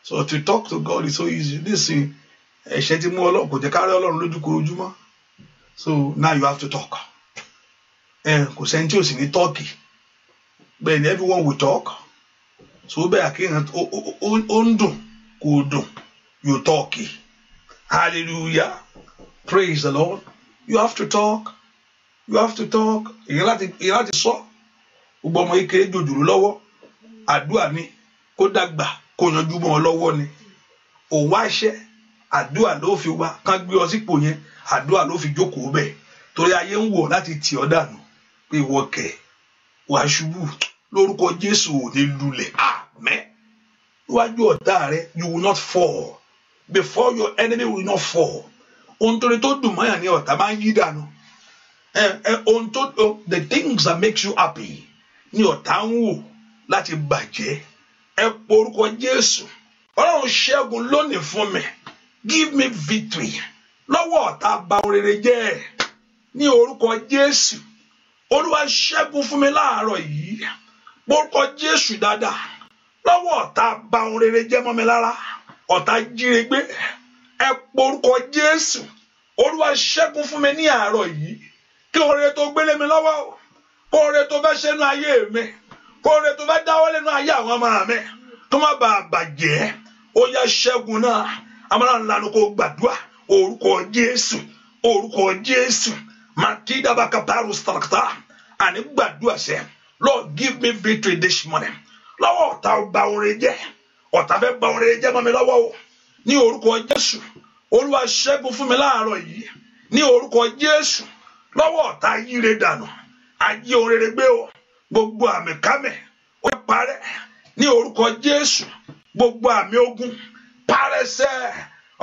so to talk to God is so easy nísìnyí ẹ̀ṣẹ̀ ti mú Ọlọ́run kò jẹ́ ká rí Ọlọ́run lójú korojúmọ́ so now you have to talk kò sẹ́ni tí ò sì ní tọ́ọ̀kì then everyone will talk so bẹ́ẹ̀ àkéèyàn king and dùn kudo, you talky. hallelujah praise the lord you have to talk you have to talk You láti èyí láti sọ gbogbo ọmọ ike jòjòrò lọ́wọ́ àdúrà ni kó dàgbà kó yanjú mọ́ ọ lọ́wọ́ ni òun wá ṣẹ́ àdúrà ló fi wá kán gbé ọ sípò yẹn àdúrà ló fi jókòó bẹ́ẹ̀ torí ayé ń wọ̀ láti tì ọ́ dànù pé ìwọ wàá ṣubú lórúkọ jésù ò ní lulẹ̀ àmín níwájú ọ̀tá rẹ you will not fall before your enemy will not fall ohun tó ní tó dùn mọ́yà ní ọ̀tá máa ń yí dànù ohun tó the things that makes you happy ní ọ̀tá ń wò láti bàjẹ́ ẹ porúkọ jésù ọlọ́run ṣẹ́gun lónìí fún mi give me victory lọ́wọ́ ọ̀tá bà rere jẹ́ ní orúkọ jésù olúwa ṣẹ́gun fún mi láàárọ̀ yìí gbórúkọ jésù dáadáa lọ́wọ́ ọ̀tá bà ohun rere jẹ́ mọ́ mi lára ọ̀tá jíire gbé ẹ porúkọ jésù olúwa ṣẹ́gun fún mi ní àárọ̀ yìí kí oore tó gbélé mi lọ́wọ́ o kó oore tó fẹ́ ṣẹ́nu ayé mi kó oore tó fẹ́ dáwọ́ lẹ́nu ayé àwọn ọmọ mi kó má bàa bàjẹ́ ó yá ṣẹ́gun náà amúnà ńlanu gbàdúrà orúkọ jésù orúkọ jésù màkìdábàkàbàrú sàràkàtà àní gbàdúrà sẹ́yìn. Lord, give me victory this morning. Lọ́wọ́ ọ̀tá ọba orin jẹ́, ọ̀tá fẹ́ ba orin jẹ́ mọ́ mi lọ́wọ́ o. Ní orúkọ Jésù, Olúwa ṣẹ́gun fún mi láàárọ̀ yìí. Ní orúkọ Jésù, lọ́wọ́ ọ̀tá yíre dànù, ayé orin rẹ gbé o. Gbogbo àmì kámẹ̀, ó yẹ parẹ́. Ní orúkọ Jésù, gbogbo àmì ogun, parẹ́ sẹ́.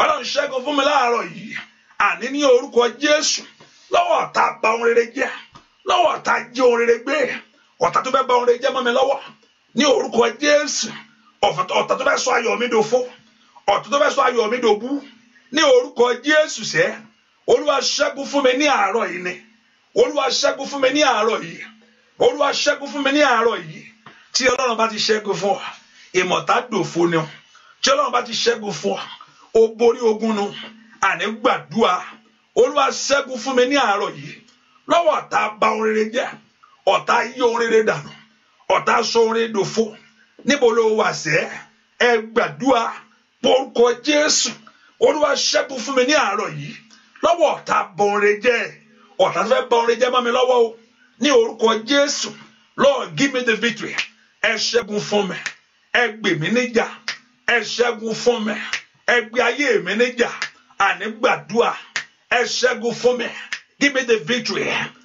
Ọlọ́run ṣẹ́gun fún mi láàárọ̀ yìí. Àní ní orúkọ Jésù, lọ́wọ́ ọ̀tá ba orin rẹ jẹ́, lọ́wọ́ ọ̀tá jí orin rẹ gbé ọ̀tá tó fẹ́ bá orin jẹ́ mọ́ mi lọ́wọ́ ní orúkọ Jésù ọ̀tá tó fẹ́ sọ ayọ̀ mi dòfo ọ̀tá tó fẹ́ sọ ayọ̀ mi dòbú ní orúkọ Jésù sẹ́ Olúwa ṣẹ́gun fún mi ní àárọ̀ yìí ni Olúwa ṣẹ́gun fún mi ní àárọ̀ yìí Olúwa ṣẹ́gun fún mi ní àárọ̀ yìí tí Ọlọ́run bá ti ṣẹ́gun fún ọ ìmọ̀ta dòfo ni ọ tí Ọlọ́run bá ti ṣẹ́gun fún ọ ó borí ogun nu àní gbàdúrà Olúwa ṣẹ́gun fún mi ní àárọ̀ yìí lọ́wọ́ ọ̀tá bá orin jẹ́ ọ̀tá yí ohun rere dànù ọ̀tá sọ ohun rere dòfo níbo ló wà sẹ́ ẹ gbàdúrà porúkọ Jésù Olúwa ṣẹ́gun fún mi ní àárọ̀ yìí lọ́wọ́ ọ̀tá bọ̀nre jẹ́ ọ̀tá tó fẹ́ bọ̀nre jẹ́ mọ́ mi lọ́wọ́ o ní orúkọ Jésù Lord give me the victory ẹ ṣẹ́gun fún mi ẹ gbè mí níjà ẹ ṣẹ́gun fún mi ẹ gbé ayé mi níjà àní gbàdúrà ẹ ṣẹ́gun fún mi give me the victory.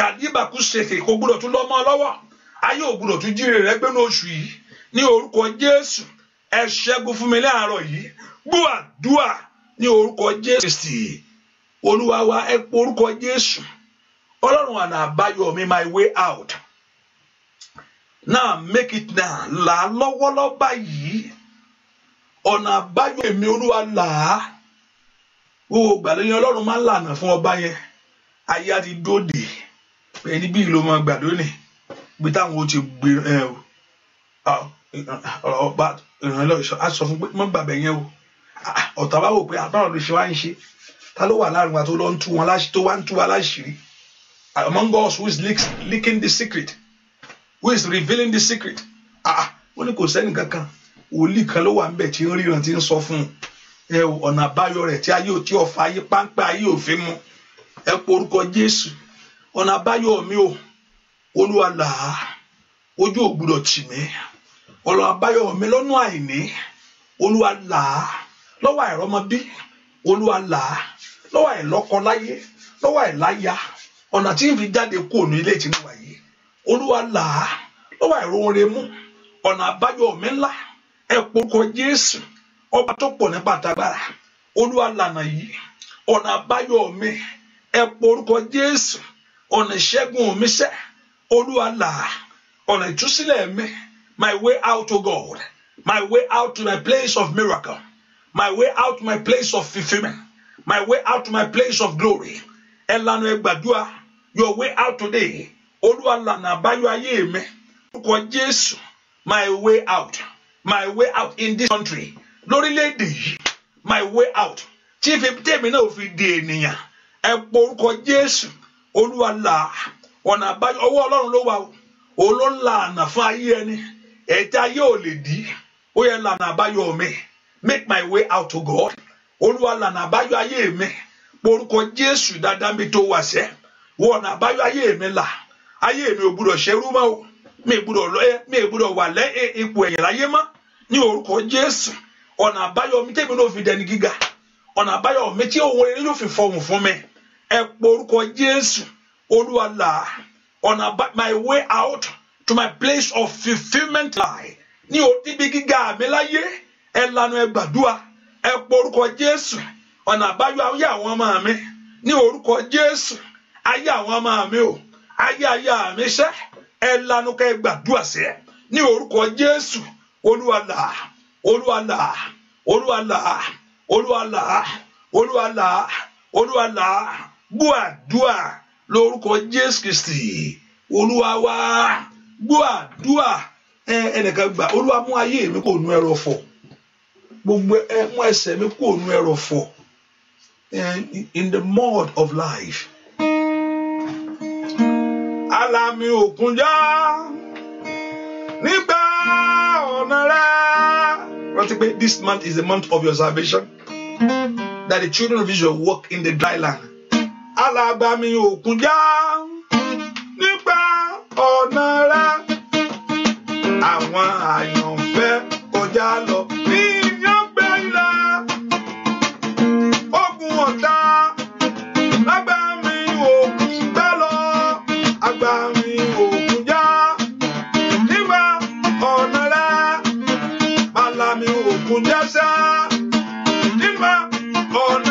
tàdíbàkú ṣèkè kò gbúdọ̀ tún lọ́mọ lọ́wọ́ ayé ò gbúdọ̀ tún jíire rẹ gbénu oṣù yìí ní orúkọ Jésù ẹ ṣẹ́gun fún mi láàárọ̀ yìí gbọ́ àdúà ní orúkọ Jésù Kristi olúwa wa ẹ pọ orúkọ Jésù ọlọ́run àná àbáyọ mi my way out now make it now là á lọ́wọ́lọ́wọ́ báyìí ọ̀nà àbáyọ èmi olúwa là á gbogbo gbàlẹ́ ni ọlọ́run máa ń lànà fún ọba yẹn ayé á ti dóde ẹni bí ìlú ọmọ gbàdó ni bí táwọn ó ti gbé ọba ìrànlọ́wọ́ a sọ fún pé mọ́ gbàgbẹ́ yẹn o ọ̀tá bá wò pé àbáwò ló ṣe wá ń ṣe ta ló wà láàrin wa tó lọ ń tú wọn láṣì tó wá ń tú wa láṣìírí among us who is leaking the secret who is revealing the secret ó ní kò sẹ́ni kankan wòlíì kan ló wà ń bẹ̀ tí ń ríran tí ń sọ fún un ọ̀nà àbáyọ rẹ̀ tí ayé ò tí ọ̀fà ayé páńpẹ́ ayé òfin mu ẹ porúkọ Jésù ọ̀nà àbáyọ mi o olúwa là á ojú ò gbúdọ̀ tì mí ọ̀nà àbáyọ mi lọ́nà àìní olúwa là á lọ́wọ́ àìrọ́mọbí olúwa là á lọ́wọ́ àìlọ́kọláyé lọ́wọ́ àìláya ọ̀nà tí n fi jáde kúrò ilé ìtìmọ̀ wáyé olúwa lọ́wọ́ àìróhunre mú ọ̀nà àbáyọ mi ńlá ẹ porúkọ jésù ọba tó pọ̀ nípa àtàgbára olúwa lànà yìí ọ̀nà àbáyọ mi ẹ porúkọ jésù ọ̀nà ìṣẹ́gun mi sẹ́ olúwa là ọ̀nà ìtúsílẹ̀ mi my way out to God my way out to my place of miracle my way out to my place of fulfilment my way out to my place of glory ẹlànà ẹgbàdúrà your way out today olúwa lànà àbáyọ ayé mi orúkọ Jésù my way out my way out in this country lórílẹ̀‐èdè yìí my way out tí fi tèmi náà fi di ènìyàn ẹ pọ orúkọ Jésù oluwala ọ̀nà àbáyọ ọwọ́ ọlọ́run ló wà fún ayé ẹni ẹ̀jẹ̀ ayé o lè dí ó yẹ lànà àbáyọ mi make my way out to God olúwa na àbáyọ ayé mi porúkọ jésù dáadáa mi tó wà sẹ́ ọ̀nà àbáyọ ayé mi là ayé mi ò gbúdọ̀ ṣerú o mi gbúdọ̀ gbúdọ̀ wà lẹ́ ipò láyé mọ́ ní orúkọ jésù ọ̀nà àbáyọ mi tẹ́mi fi dẹni gíga ọ̀nà àbáyọ mi tí òun ẹ porúkọ Jésù Olúwa là my way out to my place of fulfilment lie ni òdìbí gíga mi láyé ẹ lanu ẹ Jesu, ẹ porúkọ Jésù ọ̀nà àbáyọ ayé àwọn ọmọ mi ní orúkọ ayé àwọn ọmọ mi o ayé ayé mi ṣẹ́ ẹ si kẹ́ ẹ gbàdúrà sí ẹ ní orúkọ Jésù Olúwa là Olúwa là gbọ́ àdúà lórúkọ jésù kristi olúwa wá gbọ́ àdúà ẹnìkan gbà olúwa mú ayé mi kò nu ẹrọ̀fọ̀ gbogbo ẹ mú ẹsẹ̀ mi kò nu ẹrọ̀fọ̀ in the mud of life. alami òkun já nígbà ona rẹ̀. rántí pé this month is the month of your salvation that the children of Israel walk in the dry land alàgbà mi Ògúnjà nípa ọ̀nà rẹ àwọn àyànfẹ́ kọjá lọ ní ìyàngbẹ́ ilẹ̀ ogun ọ̀tá lágbà mi Ògúnjà lọ àgbà mi Ògúnjà nípa ọ̀nà rẹ bàlá mi Ògúnjà sá nípa ọ̀nà.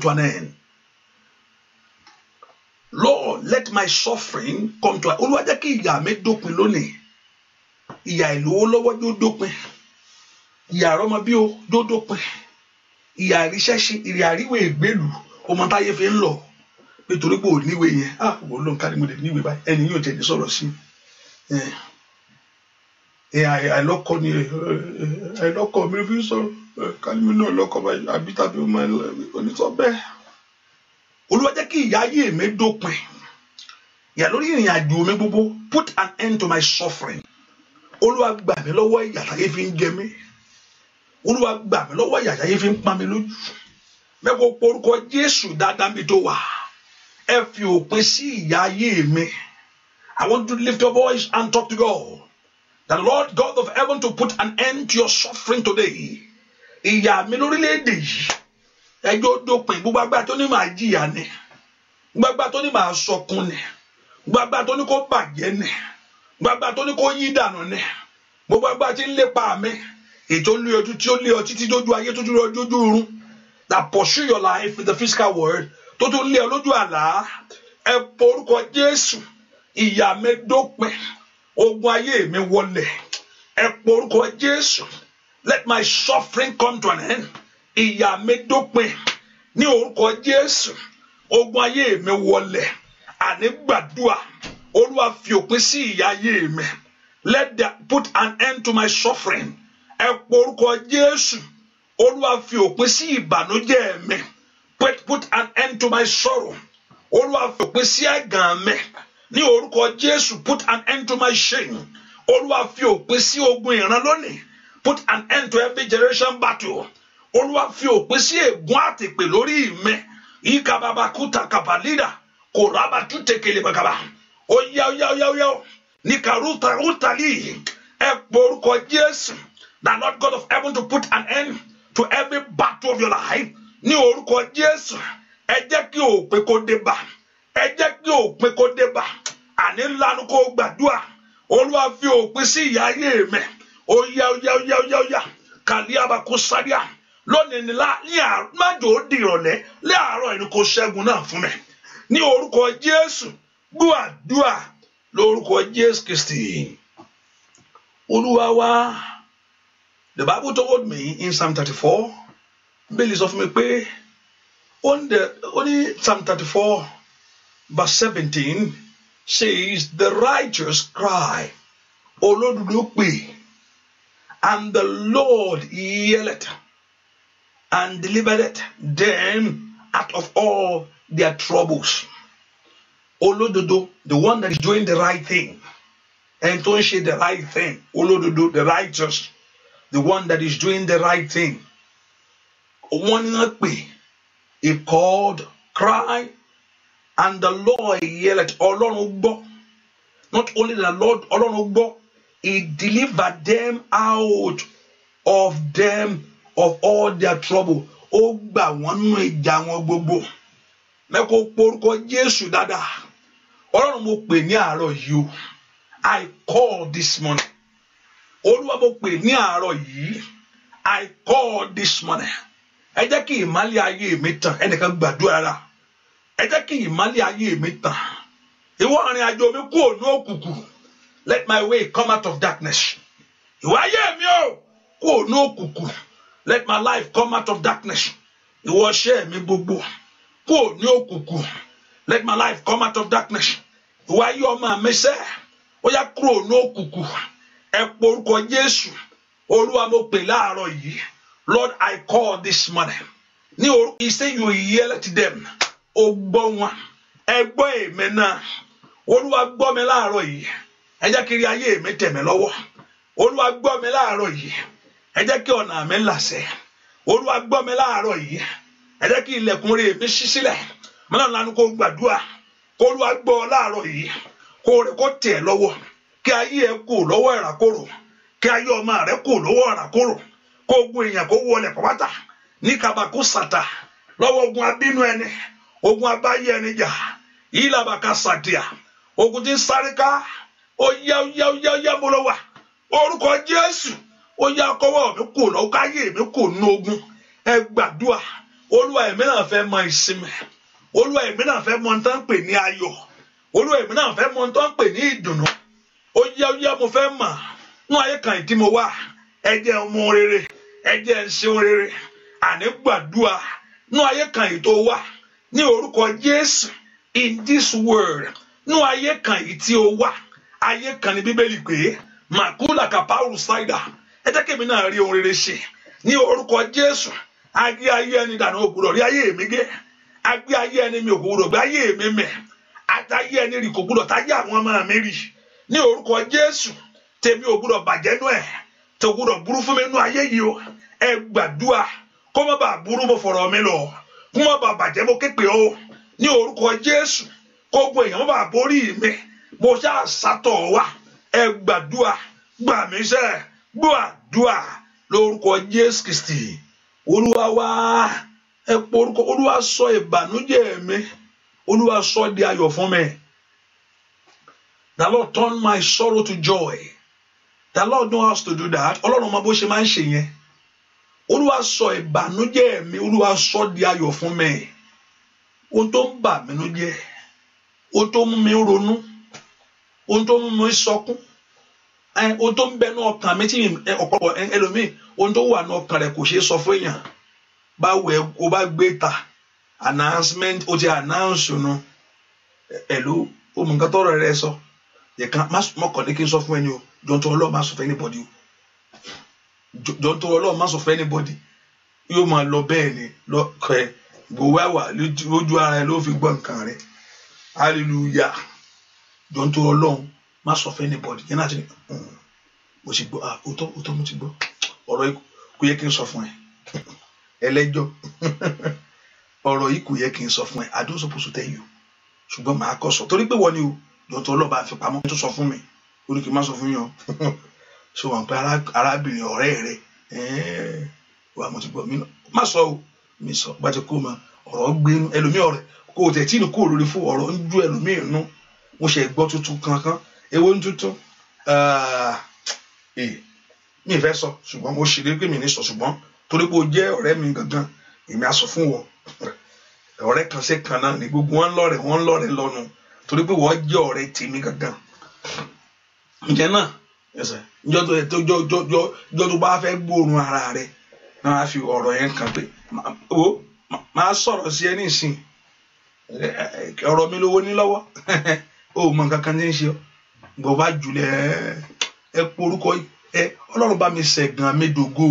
come to an end. Lord, let my suffering come to an end. Olúwa jẹ́ kí ìyà mi dópin lónìí. Ìyà ìlówó lọ́wọ́ yóò dópin. Ìyà àrọ́mọ bí o yóò dópin. Ìyà àríṣẹ́ṣe ìrìn àríwé ìgbélú ọmọ táyé fi ń lọ nítorí pé ò níwe yẹn ah wò ló ń kárí mo lè níwe báyìí ẹni yóò tẹ̀lé sọ̀rọ̀ sí ẹ eh, àìlọ́kọ eh, ni àìlọ́kọ eh, mi fi sọ̀rọ̀ kálíwì náà lọ́kọ àbí tàbí ọmọ onítọ bẹ́ẹ̀ olúwa jẹ́ kí ìyà ayé mi dópin ìyà lórí ìrìn àjò mi gbogbo put an end to my suffering olúwa gbà mí lọ́wọ́ ìyà táyé fi ń jẹ mí olúwa gbà mí lọ́wọ́ ìyà táyé fi ń pa mí lójú mẹ́kọ̀ọ́ porúkọ jésù dáadáa mi tó wà ẹ fi òpin sí ìyà ayé mi I want to lift your voice and talk to God. The Lord God of heaven to put an end to your suffering today ìyá mi lórílẹ̀‐èdè yìí ẹjọ́ dópin gbogbo agbára tó ní màá jìyà ni gbogbo agbára tó ní màá sọkún ni gbogbo agbára tó ní kó bàjẹ́ ni gbogbo agbára tó ní kó yí dànù ni gbogbo agbára tí ń lépa mi ètò lé ojú tí ó lé ọ títí dójú ayé tó dúró dójú irun that pursue your life in the physical world tó tún lé ọ lójú àlá ẹ porúkọ Jésù ìyà mi dópin ogun ayé mi wọlẹ̀ ẹ porúkọ Jésù let my suffering come to an end ìyà mi dópin ní orúkọ Jésù ogun ayé mi wọlẹ̀ àní gbàdúà Olúwa fi òpin sí ìyà ayé mi let the put an end to my suffering ẹ pọ orúkọ Jésù Olúwa fi òpin sí ìbànújẹ́ mi put put an end to my sorrow Olúwa fi òpin sí ẹ̀gàn mi ní orúkọ Jésù put an end to my shame Olúwa fi òpin sí ogun ìran lónìí put an end to every generation battle olúwa fi òpin sí ègún àtèpè lórí mi ìkàbàbàkúta kàbàlídà kò rábà tún tèkèlè bàkàbà ó yá ó yá ó yá ó yá ó ní kàrúta rútalì ẹ porúkọ jésù the lord god of heaven to put an end to every battle of your life ní orúkọ jésù ẹ jẹ́ kí òpin kó dé bá ẹ jẹ́ kí òpin kó dé bá àní lanu kó gbàdúrà olúwa fi òpin sí ìyá ayé mi ó yá ó yá ó yá ó yá ó yá kàlíàbà kó sáríà lónìí ni májò ó di ìrọ̀lẹ́ láàárọ̀ ẹni kò ṣẹ́gun náà fún mi ní orúkọ jésù gbúàdúà lórúkọ jésù kristi olúwa wa the bible told me in psalm thirty four bẹ́ẹ̀lì sọ fún mi pé ó ní psalm thirty four verse seventeen says the righteous cry olódodo pè é. And the Lord yielded and delivered them out of all their troubles. Olododo, the one that is doing the right thing. and Entonshi, the right thing. Olododo, the righteous, the one that is doing the right thing. One he called, cry, and the Lord yelled, Ọlọ́run gbọ́. Not only the Lord, Ọlọ́run He delivered them out of them of all their trouble. Ó gbà wọ́n nú ìjà wọn gbogbo. Mẹ́kọ̀ porúkọ Jésù dáadáa. Ọlọ́run mo pè ní àárọ̀ o. I call this morning. Olúwa mo pè ní àárọ̀ yìí. I call this morning. Ẹ jẹ́ kí ìmálẹ̀ ayé mi tàn ẹnìkan gbàdúrà rà. Ẹ jẹ́ kí ìmálẹ̀ ayé mi tàn. mi kúrò ní let my way come out of darkness ìwà ayé mi o kúrò ní òkùnkùn let my life come out of darkness ìwọ iṣẹ́ mi gbogbo kúrò ní òkùnkùn let my life come out of darkness ìwà ayé ọmọ mi sẹ́ ó yá kúrò ní òkùnkùn ẹ pọ orúkọ Jésù Olúwa mo pè láàárọ̀ yìí Lord I call this morning ní orúkọ iṣẹ́ yóò yẹ láti dẹ̀ ó gbọ́ wọn ẹ gbọ́ èmi náà Olúwa gbọ́ mi láàárọ̀ yìí ẹ jẹ́ kí rí ayé mi tẹ̀mẹ́ lọ́wọ́ olúwa gbọ́ mi láàárọ̀ yìí ẹ jẹ́ kí ọ̀nà mi làṣẹ olúwa gbọ́ mi láàárọ̀ yìí ẹ jẹ́ kí ilẹ̀kùn rè mi ṣí sílẹ̀ mọ́nà lanu kó gbàdúrà kó olúwa gbọ́ ọ láàárọ̀ yìí kó rẹ̀ kó tẹ̀ lọ́wọ́ kí ayé ẹ kù lọ́wọ́ ìràkòrò kí ayé ọmọ rẹ kù lọ́wọ́ ìràkòrò kó ogun èèyàn kó wọlé pàpàtà ní kabakó sàtà lọ́wọ́ ogun abínú ẹni ogun abáyé ẹni jà yìí làbàkà sàtìyà ogun ti ń sáré ká ó yá ó yá mo lọ wa. orúkọ jésù oya yá kọ́wọ́ mi kò lọ káyé mi kò nu ogun ẹ gbàdúrà olúwa èmi náà fẹ́ mọ ìsinmi olúwa èmi náà fẹ́ mọ tán pè ní ayọ̀ olúwa èmi náà fẹ́ mọ tán pè ní ìdùnnú ó yá mo fẹ́ mọ̀ nú ayé kan tí mo wà ẹ jẹ́ ọmọ rere ẹ jẹ́ ẹṣin rere àní gbàdúrà nú ayé kan ètò wà ní orúkọ jésù in this world nú ayé kan tí o wà. ayé kan ní bíbélì pé màkúlà kàpáwù ṣáìdà ẹ jẹ́ Ni èmi náà rí ohun rere ṣe ní orúkọ jésù agbé ayé ẹni dànù ògbúdọ̀ rí ayé mi gé agbé ayé ẹni mi ògbúdọ̀ gbé ayé mi mẹ́ àtàyé ẹni rì kò gbúdọ̀ táyé àwọn ọmọ mi rì ní orúkọ jésù tèmi ògbúdọ̀ bàjẹ́ nú ẹ̀ burú fún mi nú ayé yìí o ẹ kó má bàa mo ṣáà sátọ̀ ẹ gbàdúà gbà gbàdúà lórúkọ Jésù Kristi olúwa wá ẹ porúkọ olúwa sọ ìbànújẹ́ mi olúwa sọ di ayọ fún mi the Lord turn my sorrow to joy the Lord to do that ọlọ́run bó ṣe máa ṣe yẹn olúwa sọ di ayọ fún mi ohun tó ń bà mí ohun tó ń mú mi sọkún eh, ohun tó ń bẹ ní ọkàn mi tí eh, ọ̀pọ̀lọpọ̀ eh, ẹlòmíì ohun tó wà ní ọkàn rẹ̀ kò ṣeé sọ fún èèyàn bá wẹ̀ o bá gbé e ta announcement o ti announce nu ẹ̀lú o mọ̀ nǹkan tọrọ rẹ sọ yẹ̀kan má kàn ní kí n sọ fún ẹni o jọ̀ǹtò ọlọ́ọ̀ má sọ fún anybody o jọ̀ǹtò ọlọ́ọ̀ má sọ fún anybody yóò máa lọ bẹ́ẹ̀ ni lọ́kọ̀ ẹ̀ gbowó àwà lójú ara ẹ ló fi gbọ́ nǹkan rẹ̀ hallelujah jọ ń tó ọlọ́run má sọ fẹ́ anybody yẹn náà ti ní mo ti gbọ́ ah òótọ́ òótọ́ mo ti gbọ́ ọ̀rọ̀ yìí kò yẹ kí n sọ fún ẹ [laughs] ẹlẹ́jọ́ [laughs] ọ̀rọ̀ yìí kò yẹ kí n sọ fún ẹ I don't suppose to tell you ṣùgbọ́n màá kọ́ sọ torí pé wọ́n ni o jọ ń tó ọlọ́ba àfi pamọ́ tó sọ fún mi ó ní kí n má sọ fún yàn ṣé wọn pe arábìnrin ọ̀rẹ́ rẹ wà mo ti gbọ́ mi náà má sọ o mi sọ bá ti kó o ma ọ̀rọ̀ gbénu ẹlòmíọ̀rẹ́ kó o tẹ̀ tí ì ní kó o lórí fún ọ̀rọ̀ ń ju ẹlòmíì nú. No mo ṣe gbọ́ tuntun kankan èwo ń tuntun eh, mi fẹ́ sọ ṣùgbọ́n mo ṣèlérí pé mi ní sọ ṣùgbọ́n torí pé o jẹ́ ọ̀rẹ́ mi gangan èmi á sọ fún wọn ọ̀rẹ́ kan ṣe kan náà ni gbogbo wọn lọ́rẹ̀ wọn lọ́rẹ̀ lọ́nu torí pé wọ́n jẹ́ ọ̀rẹ́ tèmi gangan ǹjẹ́ náà ǹjọ́ tó ǹjọ́ tó bá fẹ́ gbóòórùn ara rẹ̀ náà á fi ọ̀rọ̀ yẹn kan pé o máa sọ̀rọ̀ sí ẹ nísìn eh, eh, ọ̀rọ̀ mi lówó ní lọ́wọ́ [laughs] o mọ nǹkan kan tí ń ṣe gọba jùlẹ ẹ porúkọ ẹ ọlọ́run bá mi ṣẹ̀gàn mi dògo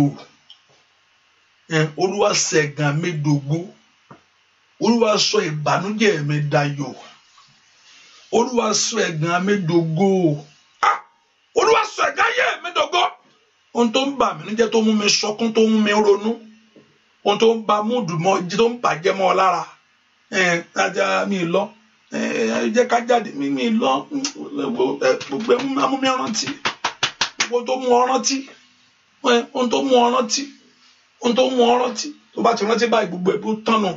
ẹ olúwa ṣẹ̀gàn mi dògo olúwa sọ ìbànújẹ́ mi dayọ̀ olúwa sọ ẹ̀gàn mi dògo ah! olúwa sọ ẹ̀gàn yẹ mi dògo ohun tó ń bà mí níjẹ́ tó mú mi sọkún tó mú mi ronú ohun tó ń ba múdùmọ́ tó ń bàjẹ́ mọ́ ọ lára ẹ̀ ajá mi lọ jẹ́ ká jáde mímí lọ gbogbo ẹmú máa gbogbo tó mú ọ ohun tó mú ọ ohun tó mú ọ tó bá ti rántí báyìí gbogbo ẹbí tánu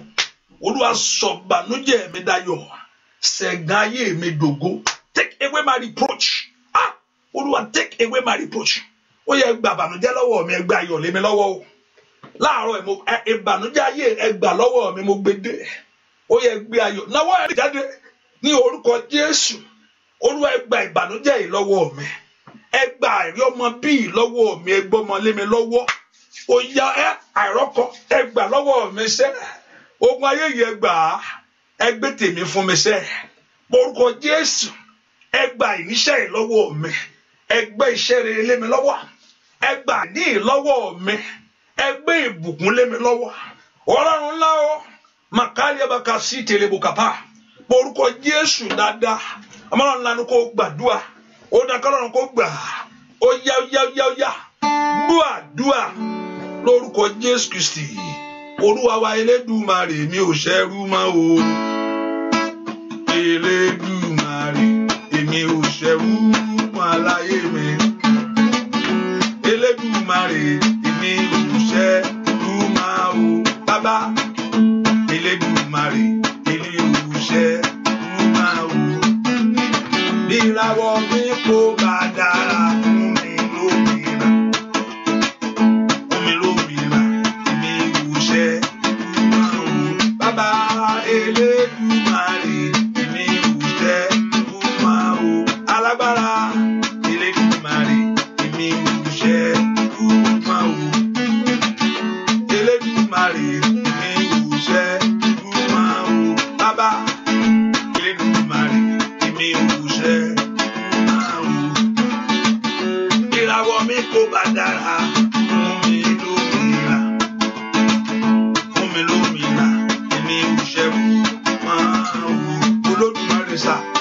olúwa sọ bànújẹ́ mi dayọ̀ ṣẹ̀gàn ayé mi dògo take away my reproach ah olúwa take away my reproach ó yẹ gba bànújẹ́ lọ́wọ́ mi ẹ gba mi lọ́wọ́ o láàárọ̀ ìbànújẹ́ ayé ẹ gbà mi mo gbé dé ó yẹ gbé ayọ̀ náwó ẹ jáde. ní orúkọ Jésù olúwa ẹ gba ìbànújẹ́ yìí lọ́wọ́ mi ẹ gba àìrí ọmọ bí yìí lọ́wọ́ mi ẹ gbọ́mọ lé mi lọ́wọ́ òyà ẹ àìrọ́kọ ẹ gbà mi sẹ́ ogun ayé yìí ẹ gbà á ẹ gbé tèmi fún mi sẹ́ orúkọ Jésù ẹ gba yìí lọ́wọ́ mi ẹ gbé rere lé mi lọ́wọ́ ẹ gba àní yìí lọ́wọ́ mi ẹ gbé ìbùkún lé mi lọ́wọ́ ọlọ́run ńlá o màkàlì ẹ bá ka sí tèlébùkàpá. porúkọ jésù dáadáa amọ́nà ńlá ni kò gbàdúà ó dá kọ́lọ́run kò gbà ó yá yá yá yá gbọ́ àdúà lórúkọ jésù kristi olúwa wa elédùmarè mi ò ṣẹ́rú mọ́ o elédùmarè èmi ò ṣẹ́rú mọ́ aláyé mi elédùmarè èmi ò ṣẹ́rú mọ́ o bàbá elédùmarè èmi ò ṣẹ́rú ìràwọ̀ mi kò bá dára. Cause I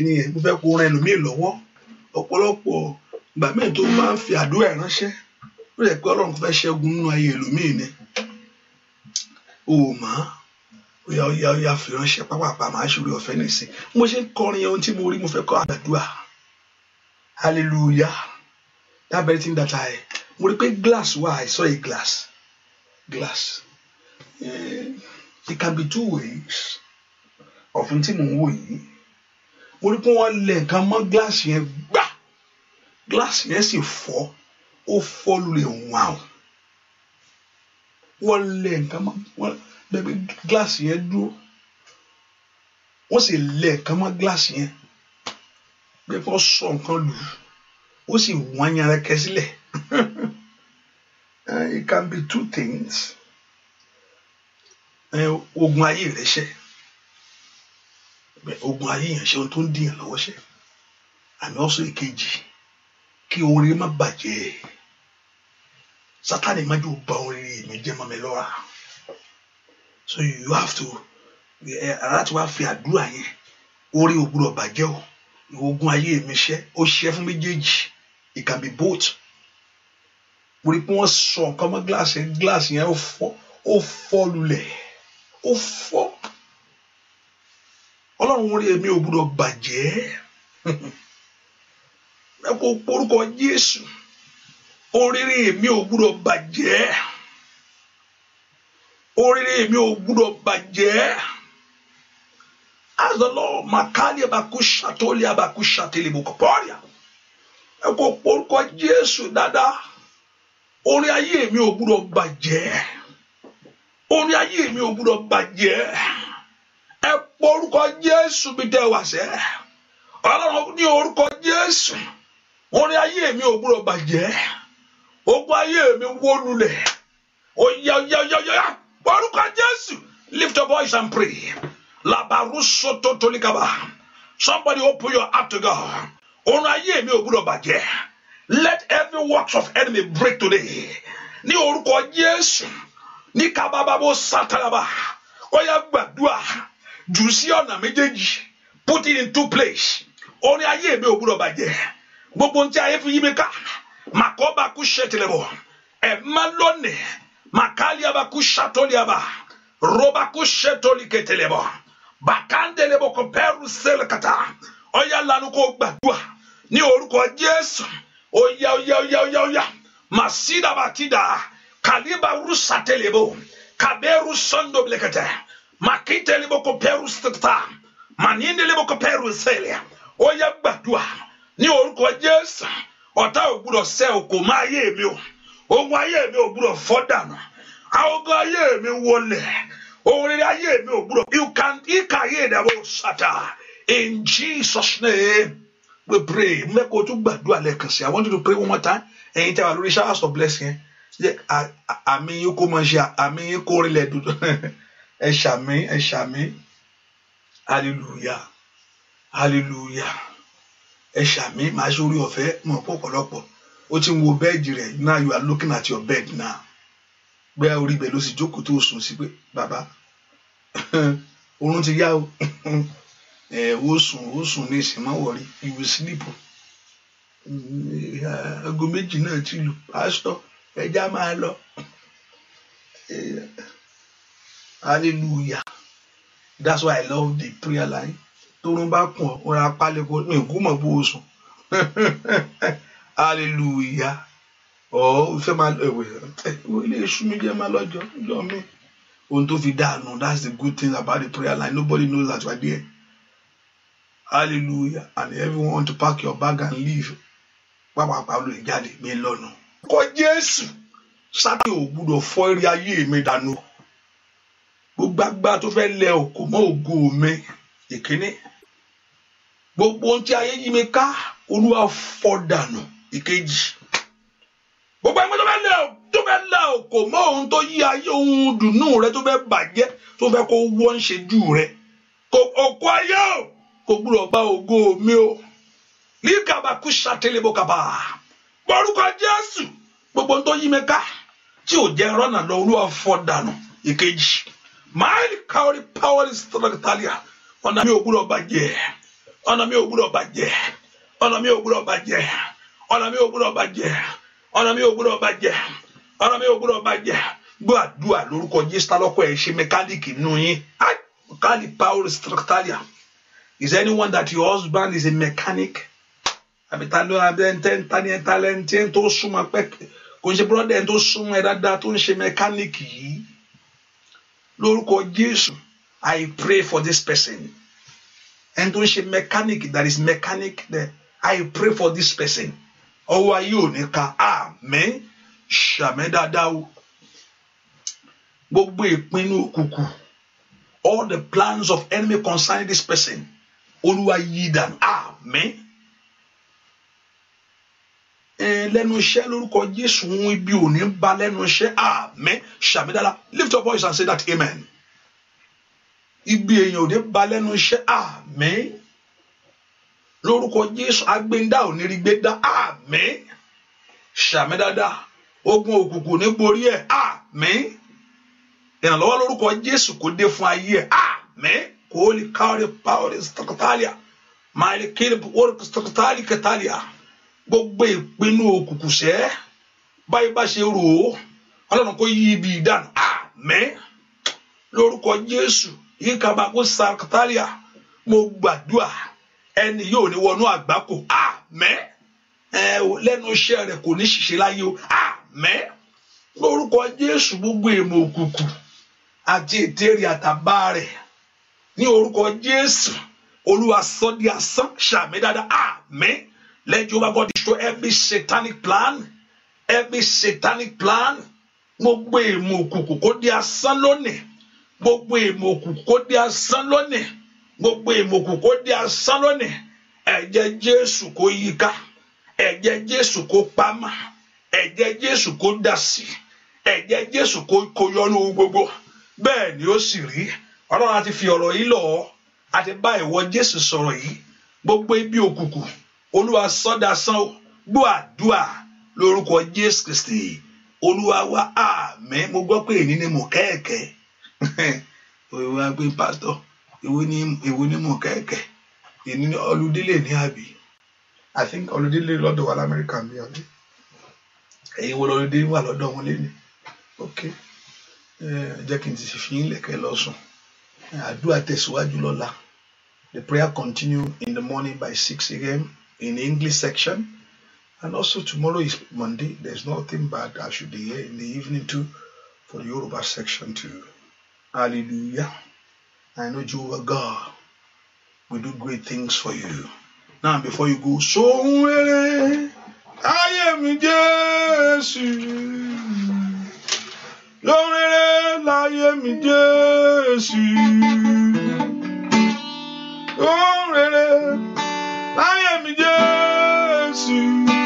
kíní yẹn mo fẹ́ kó ran ẹlòmíì lọ́wọ́ ọ̀pọ̀lọpọ̀ ìgbà míì tó máa ń fi àdúrà ránṣẹ́ ó yẹ pé ọlọ́run fẹ́ ṣẹ́gun nínú ayé ẹlòmíì ni o ò mọ̀ ó yà ó yà ó yà fi ránṣẹ́ pápápá máa ṣòro ọ̀fẹ́ nìsín mo ṣe ń kọrin ohun tí mo rí mo fẹ́ kọ́ àdúrà hallelujah that very thing that I mo rí pé glass wà I saw a glass glass eh, it can be two ways ọ̀fun tí mò ń wò yìí mo rí pé wọ́n lẹ̀ nǹkan mọ́ gíláàsì yẹn gbà gíláàsì yẹn sì fọ́ ó fọ́ lulẹ̀ wà ó wọ́n lẹ̀ nǹkan mọ́ wọ́n bẹ́ẹ̀ gíláàsì yẹn dúró wọ́n sì lẹ̀ nǹkan mọ́ gíláàsì yẹn bẹ́ẹ̀ fọ́ sọ nǹkan lù ó sì wọ́n yàrá kẹ́ sílẹ̀ [laughs] it can be two things ogun ayé rẹ ṣe ogun ayé yẹn ṣe ohun tó ń dìyàn lọ́wọ́ ṣe àmì ọ̀sùn ìkejì kí oore má bàjẹ́ sátani má jò ba oore mi jẹ́ mọ́ mi lọ́ra so you have to eh, láti wá fi àdúrà yẹn oore ò gbúdọ̀ bàjẹ́ o ogun ayé mi ṣẹ́ ó ṣẹ́ fún méjèèjì it can be both mo rí i pé wọ́n sọ nǹkan mọ́ gíláàsì yẹn gíláàsì yẹn ó fọ́ ó fọ́ lulẹ̀ ó fọ́ ọlọ́run orí èmi ò gbúdọ̀ bàjẹ́ [laughs] ẹ kó porúkọ jésù oríire èmi ò gbúdọ̀ bàjẹ́ oríire èmi ò gbúdọ̀ bàjẹ́ azọlọ makali abakusa tóli abakusa tẹlẹbù kọpọlìà ẹ kó porúkọ jésù dáadáa orí ayé mi ò gbúdọ̀ bàjẹ́ orí ayé mi ò gbúdọ̀ bàjẹ́ orúkọ jésù bí tẹ wà sẹ ọlọ́run ní orúkọ jésù orin ayé mi ò gbúdọ̀ bàjẹ́ ogun ayé mi wó lulẹ̀ oya oya oya oya orúkọ jésù lift your voice and pray labaruso likaba. somebody open your heart to God orin ayé mi ò gbúdọ̀ bàjẹ́ let every works of enemy break today ní orúkọ jésù ní kábàbàbò sátánàbà ó yá gbàdúrà jù sí ọ̀nà méjèèjì put it in two place orin ayé mi ò gbúdọ̀ bàjẹ́ gbogbo ntí ayé fi yí mi ká màkọ́ba kú ṣètìlẹ́bọ̀ ẹ̀ má lónìí màkàlíaba kú ṣàtọ́líaba rọ́ba kú ṣètòlí kẹtẹlẹ́bọ̀ bàkàndẹ̀lẹ́bọ̀ kò pẹ́rù sẹ́lẹ̀ kàtà ọ̀yà lanu kò gbàdúrà ní orúkọ Jésù ọ̀yà ọ̀yà ọ̀yà ọ̀yà ọ̀yà màsídàbàtìdà kàlíbà rúṣàtẹ̀lẹ́bọ̀ kàbẹ́rù sọ́ndọ̀bìlẹ̀kẹtẹ̀ makite liboko peru sita maninde liboko peru selia ó yá gbàdúrà ní orúkọ jésù ọ̀tá ò gbúdọ̀ sẹ́ òkò má ayé mi o ogun ayé mi ò gbúdọ̀ fọ́ dànù mi wọlé ohun rere ayé mi ò you can ika ayé ìdàbọ̀ sata in jesus name we pray mẹ́kọ̀ tún gbàdúrà lẹ́ẹ̀kan sí i i want you to pray one more time ẹ̀yin tẹ́wà lórí showers of blessing àmì yín kó máa ṣe àmì yín kó rí lẹ́ẹ̀dúdú ẹ ṣàmì ẹ ṣàmì hallelujah hallelujah ẹ ṣàmì máa ṣe orí ọ̀fẹ́ mọ̀ pọ̀pọ̀lọpọ̀ ó ti ń wo bẹ́ẹ̀dì rẹ̀ now you are looking at your bed now gbẹ́ orí ibẹ̀ ló sì jókòó tó sùn sí pé bàbá [laughs] oorun ti yá o [laughs] ẹ ó sùn ó sùn ní ìsìn má wọrí you will sleep aago méjì náà ti lù pásítọ̀ ẹja máa lọ [laughs] hallelujah that's why i love the prayer line tórun bá kùn ọ́ rà pálékó mi kú mọ̀ bó o sùn [laughs] hallelujah ọ̀ ìfẹ́ máa lọ ìwé ilé iṣu mi jẹ́ máa lọ́jọ́ jọ mi ohun tó fi dànù that's the good thing about the prayer line nobody knows that you there hallelujah and everyone want to pack your bag and leave pápápá ló lè jáde mi lọ́nà. kọ jésù sátẹ̀ ò gbúdọ̀ fọ́ eré ayé mi dànù gbogbo agbá tó fẹ́ lẹ òkò mọ́ ògo mi ìkíní gbogbo ohun tí ayé yí mi ká olúwa fọ́ dànù ìkejì gbogbo ẹgbẹ́ tó fẹ́ lẹ tó fẹ́ lẹ òkò mọ́ ohun tó yí ayé ohun dùnú rẹ tó fẹ́ bàjẹ́ tó fẹ́ kó wọ́n ṣe jù rẹ kò òkò ayé o kò gbúdọ̀ gba ògo mi o ní kàbàkú ṣàtẹlẹbọ kàbà orúkọ Jésù gbogbo ohun tó yí mi ká tí ò jẹ́ rọ́nà lọ olúwa fọ́ dànù ìkejì máàlì káwọrí pàwọrí sọlọtàlíà ọ̀nà mi ò gbúdọ̀ bàjẹ́ ọ̀nà mi ò gbúdọ̀ bàjẹ́ ọ̀nà mi ò gbúdọ̀ bàjẹ́ ọ̀nà mi ò gbúdọ̀ bàjẹ́ ọ̀nà mi ò gbúdọ̀ bàjẹ́ ọ̀nà mi ò gbúdọ̀ bàjẹ́ gbọ́ àdúrà lórúkọ Jésù tálọ́kọ̀ ẹ̀ ṣe mẹkáníìkì nù yín káàlì pàwọrí sọlọtàlíà is anyone that your husband is a mechanic àbítálọ́ abẹ́ntẹ́ntánìẹ́ntálẹ́ntẹ́ tó súnmọ́ pẹ́kẹ́ kò ń ṣe brọ́dẹ̀ tó súnmọ́ ẹ̀ dáadáa tó ń ṣe mẹkáníìkì yìí lórúkọ Jésù I pray for this person ẹni tó ń ṣe mechanic that is mechanic there I pray for this person ọwọ́ ayé ò ní ka àmín ṣàmẹ́ dáadáa o gbogbo ìpinnu òkùnkùn all the plans of enemy concerning this person olúwa yí dànù Amen. Eh, lẹ́nu iṣẹ́ lórúkọ Jésù ń ibi ò ní ba lẹ́nu iṣẹ́ àmín ṣàmídára lift your voice and say that amen ibi èèyàn ò ní ba lẹ́nu iṣẹ́ àmín lórúkọ Jésù agbẹ́ndá ò ní rí gbẹ́dá àmín ṣàmídára ogun òkùnkùn ní borí ẹ̀ àmín ìrànlọ́wọ́ lórúkọ Jésù kò dé fún ayé ẹ̀ àmín kò lè káwọ́rẹ́ pàwọ́rẹ́ sítọ́kítàlíà máa lè kéde wọ́rẹ́ sítọ́kítàlí kẹtàlíà gbogbo ìpinnu òkùnkùn sẹ́ báyìí bá ṣe rò ó ọlọ́run kò yí ibi ìdáná àmín lórúkọ jésù yìí kaba kó sakitaria mo gbàdúrà ẹni yóò ní wọnú àgbákò àmín ẹ lẹ́nu iṣẹ́ rẹ̀ kò ní ṣiṣẹ́ láyé o àmín lórúkọ jésù gbogbo èèmọ̀ òkùnkùn àti ètèrè àtàbá rẹ̀ ní orúkọ jésù olúwa sọ di asán ṣàmì dáadáa àmín. Let Jehovah God destroy every satanic plan, every satanic plan. Gbogbo èmọ̀ òkùnkùn kó di asán lónìí. Gbogbo èmọ̀ òkùnkùn kó di asán lónìí. Gbogbo èmọ̀ òkùnkùn kó di asán lónìí. Ẹ̀jẹ̀ Jésù kó yíká. Ẹ̀jẹ̀ Jésù kó pamọ́. Ẹ̀jẹ̀ Jésù kó dá sí. Ẹ̀jẹ̀ Jésù kó yọnu gbogbo. Bẹ́ẹ̀ ni ó sì rí. Ọlọ́run a fi ọ̀rọ̀ yìí lọ̀ ọ́. A bá ìwọ Jésù sọ̀rọ̀ yìí. Gbogbo ibi òkùnkùn olúwa sọdásán gbọ́ àdúà lórúkọ jésù kristi olúwa wa àmín mo gbọ́ pé èyí ni mo kẹ́ẹ̀kẹ́ olúwa [laughs] pé pásítọ̀ èwo ni èwo ni mo kẹ́ẹ̀kẹ́ èyí ni ọlùdílé ní àbí i think ọlùdílé lọ́dọ̀ wa lamẹ́ríkà ń bí ọdún ẹ̀yin wo lọlọdé wà lọ́dọ̀ wọn lé ní ok jẹ́ kí n ti fi yín lẹ̀kẹ́ lọ sùn àdúrà tẹ̀síwájú the prayer continue in the morning by six a.m. in English section. And also tomorrow is Monday. There's nothing bad. I should be here in the evening too for the Yoruba section too. Hallelujah. I know Jehovah God will do great things for you. Now before you go, so I am Jesus. lórere láyé mi Jésù lórere. I am Jesus.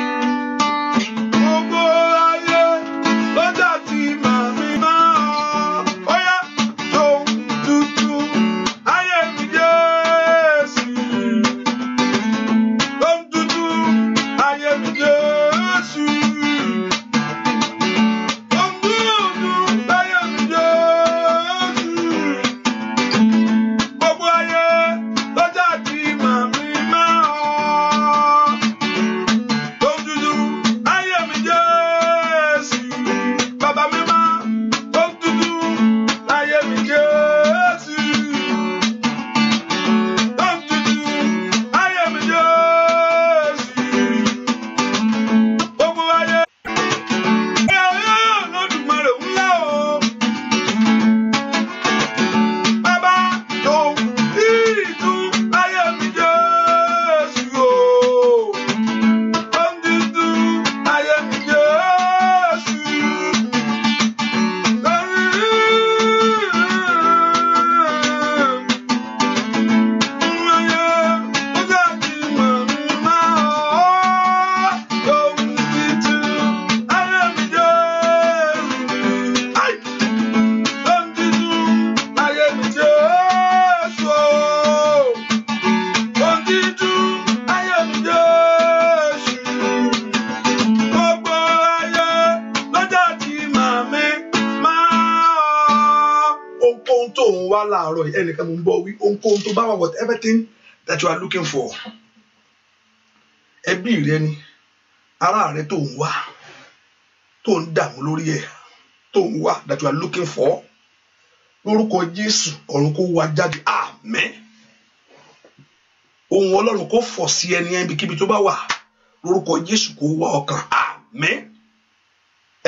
nìkan mò ń bọ̀ wí ohunkóhun tó bá wà with everything that you are looking for ẹbí rẹ ni ará rẹ tó ń wá tó ń dààmú lórí ẹ tó ń wá that you are looking for lórúkọ Jésù ọ̀run kó wá jáde àmín ohun Ọlọ́run kó fọ̀ sí ẹni ẹbikíbi tó bá wà lórúkọ Jésù kó wá ọkàn àmín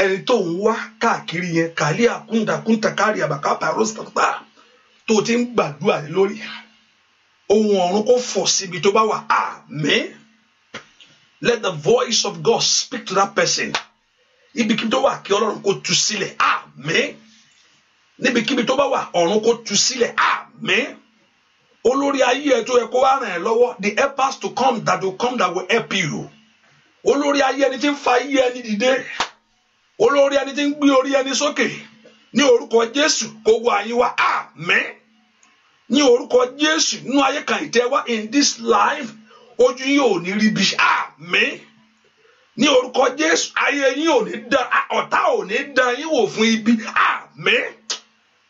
ẹni tó ń wá káàkiri yẹn kàlí àkúndàkúntà kárí àbàkápà rọ́sítàkùtà tó ti ń gbàdúrà yìí lórí ohun ọ̀run kò fọ̀ síbi tó bá wà àmín let the voice of God speak to that person ibikíbi tó wà kí ọlọ́run kò tú sílẹ̀ àmín níbikíbi tó bá wà ọ̀run kò tú sílẹ̀ àmín olórí ayé ẹ tó yẹ kó wá ràn ẹ́ lọ́wọ́ the helpers to come that will come that will help you olórí ayé ẹni tí ń fa ayé ẹni dìde olórí ẹni tí ń gbé orí ẹni sókè ní orúkọ Jésù kó wá yín wá àmín ní orúkọ Jésù nínú ayé kan ìtẹ́wá in this life ojú yín ò ní rí bí àmín ní orúkọ Jésù ayé yín ò ní dán ọ̀tá ò ní dán yín wò fún ibi àmín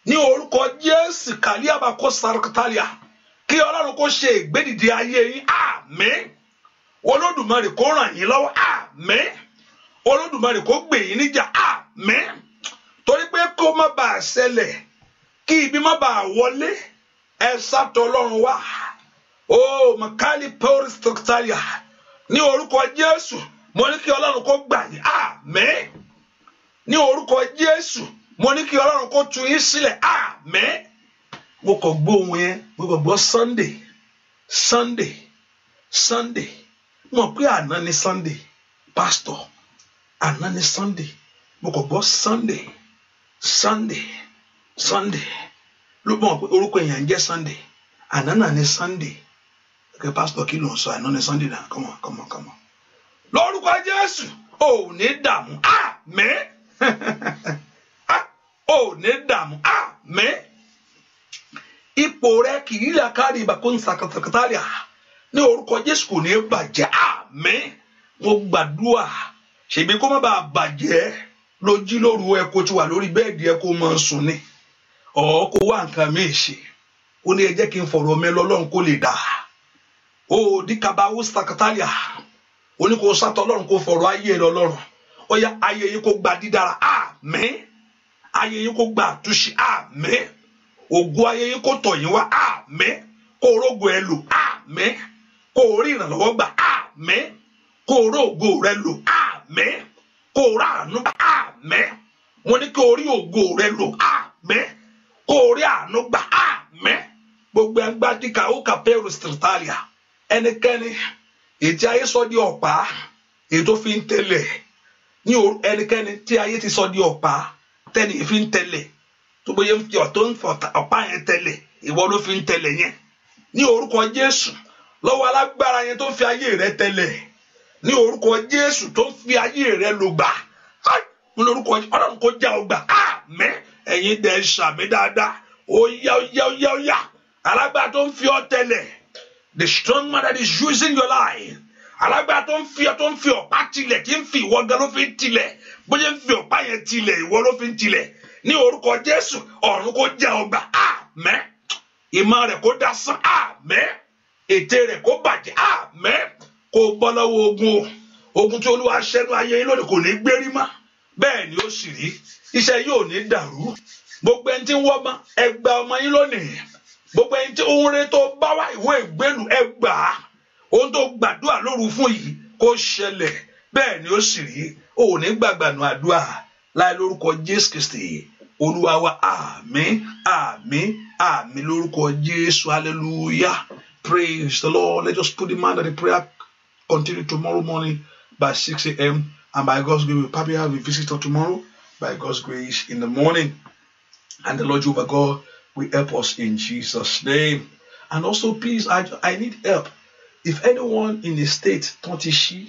ní orúkọ Jésù kàlíàbà kó sarakatalia kí Ọlọ́run kó ṣe ìgbédìde ayé yín àmín Olódùmarè kó ràn yín lọ́wọ́ àmín Olódùmarè kó gbè yín níjà àmín torí pé kó má bàa ṣẹlẹ̀ kí ibi má bàa wọlé ẹ sátọ ọlọ́run wá ó mọ̀kálí pẹ́ọ́rì stọ́kítàlíà ní orúkọ jésù mo ní kí ọlọ́run kó gbà yín àmín ní orúkọ jésù mo ní kí ọlọ́run kó tú yín sílẹ̀ àmín mo kàn gbọ́ ohun yẹn mo kàn gbọ́ sunday sunday sunday mo mọ̀ pé àná ni sunday pastor àná ni sunday mo kàn gbọ́ sunday sunday sunday. sunday. ló bọ̀ orúkọ èèyàn jẹ́ Sunday àná ni Sunday okay pastor kí ló ń sọ àná ni Sunday náà come on come on come on lórúkọ Jésù ò ní dààmú àmín [laughs] ah, ò ní dààmú àmín ipò rẹ kì í là kárí ìbàkó ń sàkàtàkàtàrí à ní orúkọ Jésù kò ní bàjẹ́ àmín mo gbàdúrà ṣèbí kó má bàa bàjẹ́ lójú lóru ẹ kó ti wà lórí bẹ́ẹ̀dì ẹ kó máa sùn ni. ọ̀ kó wá nǹkan míì ṣe ó kí n fọ̀rọ̀ mẹ́lọ kó lè dà ó díkàbá ó sàkátàlíà ó ní kó kó fọ̀rọ̀ ayé rẹ ayé yìí gba dídára àmín ayé yìí gba àtúnṣe àmín ògo ayé yìí kó tọ̀ yín wá kó ẹ lò kó rí ìrànlọ́wọ́ gbà kó rẹ lò kó rà rẹ lò kó o rí àánú gbà á mẹ́ gbogbo ẹgbẹ́ díkà ó kà pẹ́rù stritalia ẹnikẹ́ni ètí ayé sọ di ọ̀pá ètò fi ń tẹ̀lẹ̀ ní ẹnikẹ́ni tí ayé ti sọ di ọ̀pá tẹ́ni fi ń tẹ̀lẹ̀ tó bóyá ń fi ọ̀tọ́ ń fi ọ̀pá yẹn tẹ̀lẹ̀ ìwọ ló fi ń tẹ̀lẹ̀ yẹn ní orúkọ Jésù lọ́wọ́ alágbára yẹn tó ń fi ayé rẹ tẹ̀lẹ̀ ní orúkọ Jésù tó ń fi ayé rẹ lògbà ń lórúkọ ọlọ́run kó já ọgbà àmín ẹ̀yin dẹ̀ ṣàmì dáadáa ó yá ó yá ó tó ń fi ọ tẹlẹ̀ the strong man that is using your life alágbára tó ń fi ọ tó ń fi ọ̀pá tilẹ̀ kí ń fi ìwọ gan ló fi ń tilẹ̀ bó ṣe ń fi ọ̀pá yẹn tilẹ̀ ìwọ ló fi ń tilẹ̀ ní orúkọ jésù ọ̀run kó já ọgbà àmín ìmọ̀ rẹ̀ kó dasán àmín ète rẹ̀ kó bàjẹ́ àmín kó bọ́ lọ́wọ́ ogun o ogun tí olúwa ṣẹ́nu ayé yín lónìí kò ní gbérí mọ́ bẹ́ẹ̀ ni ó sì rí iṣẹ́ yóò ní dàrú gbogbo ẹni tí ń wọ́mọ ẹgbà ọmọ yín lónìí gbogbo ẹni tí ohun rẹ tó bá wá ìwé ìgbélu ẹgbà ohun tó gbàdúrà lóru fún yìí kó ṣẹlẹ̀ bẹ́ẹ̀ ni ó sì rí òun ní gbàgbànú àdúrà láì lórúkọ Jésù Kristi olúwa wa àmín àmín àmín lórúkọ Jésù hallelujah praise the Lord let us put the man at the prayer continue tomorrow morning by six a.m. And by God's grace, we'll probably have a visitor tomorrow. By God's grace, in the morning. And the Lord Jehovah God will help us in Jesus' name. And also, please, I, I need help. If anyone in the state, Tontishi,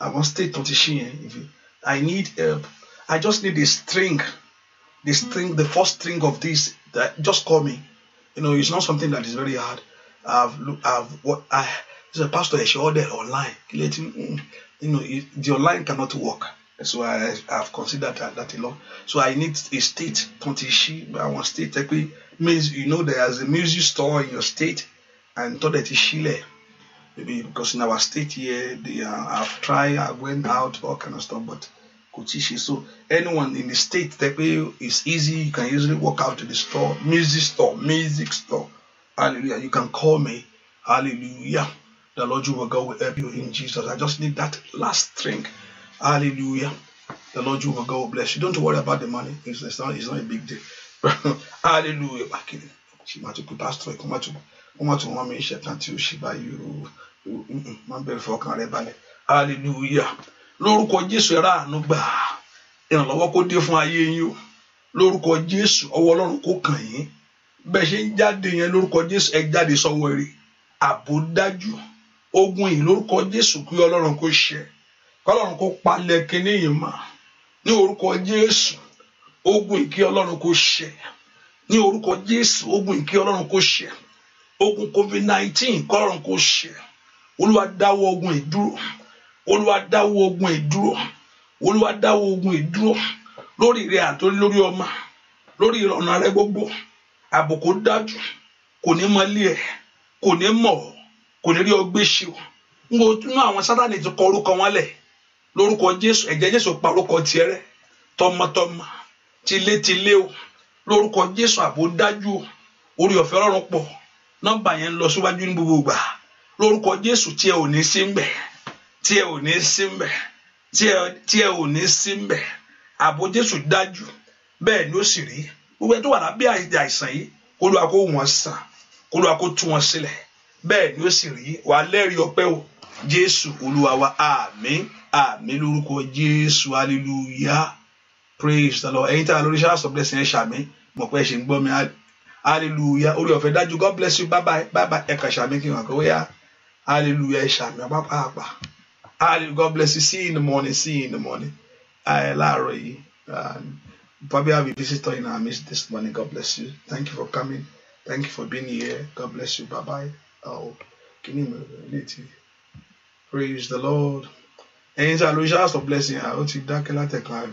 I want state Tontishi, eh, I need help. I just need a string, the string, the first string of this. That, just call me. You know, it's not something that is very hard. I've looked, I've what I. There's a pastor she ordered online. Let him. you know, the online cannot work. So I, have considered that, that a lot. So I need a state, Tontishi, I want state, like, means, you know, there is a music store in your state, and thought Todetishile. Maybe because in our state here, they uh, I've tried, I went out, all kind of stuff, but Kotishi. So anyone in the state, Tepe, is easy. You can usually walk out to the store, music store, music store. Hallelujah. You can call me. Hallelujah. The Lord Jehovah God will help you in Jesus. I just need that last string. Hallelujah. The Lord Jehovah God will bless you. Don't worry about the money. It's, it's, not, it's not a big deal. [laughs] Hallelujah. Bákìrì. Hallelujah. Lórúkọ Jésù ẹ̀rọ àánú gbà. Ìrànlọ́wọ́ kó dé fún ayé yín o. Lórúkọ Jésù ọwọ́ Ọlọ́run kó kàn yín. Bẹ́ẹ̀ ṣe ń jáde yẹn lórúkọ Jésù ẹ jáde sọ́wọ́ rẹ̀. Àbò dájú ogun yìí lórúkọ jésù kí ọlọ́run kó ṣe kọ́lọ́run kó palẹ̀ kínní yìí mọ́ ní orúkọ jésù ogun yìí kí ọlọ́run kó ṣe ní orúkọ jésù ogun yìí kí ọlọ́run kó ṣe ogun covid nineteen kọ́lọ́run kó ṣe olúwa dáwọ́ ogun yìí dúró olúwa ogun yìí dúró olúwa ogun yìí dúró lórí rẹ àtòrí lórí ọmọ lórí ọ̀nà rẹ gbogbo àbùkù dájú kò ní mọ ilé ẹ kò ní mọ ọ kò ní rí ọ gbé ṣe o n kò tún àwọn sátani ti kọ orúkọ wọn lẹ̀ lórúkọ jésù ẹ̀jẹ̀ jésù pa orúkọ tiẹ̀ rẹ́ tọmọtọmọ tilétilé o lórúkọ jésù àbò dájú o orí ọ̀fẹ́ ọlọ́run pọ̀ nọ́mbà yẹn ń lọ síwájú ní gbogbo ìgbà lórúkọ jésù tí ẹ ò ní sí mbẹ tí ẹ ò ní sí mbẹ tí ẹ ò ní sí mbẹ àbò jésù dájú bẹ́ẹ̀ ni ó sì rí gbogbo ẹ tó wà lábẹ́ àìsàn yìí kó lóa kó wọ́n sàn kó lóa kó tú wọn sílẹ̀ bẹ́ẹ̀ ni ó sì rí wàá lẹ́rìí ọpẹ́ o jésù olúwa wa àmín lórúkọ jésù hallelujah praise the lord ẹ̀yin tí a lórí ṣáà sọ blessing ẹ̀ ṣàmì mọ̀ pé ṣe ń gbọ́ mi hallelujah orí ọ̀fẹ́ dájú god bless you bye bye bye bye ẹ̀ka ṣàmì kí n wà kó yá hallelujah ẹ̀ ṣàmì apápá god bless you see you in the morning see you in the morning ẹ̀ láàárọ̀ yìí. Um, probably have a visitor in our midst this morning. God bless you. Thank you for coming. Thank you for being here. God bless you. Bye bye. Oh, can you relate Praise the Lord. Ẹ̀yin tí a lo iṣẹ́ house of blessing, a ó ti dákẹ́ látẹ̀kan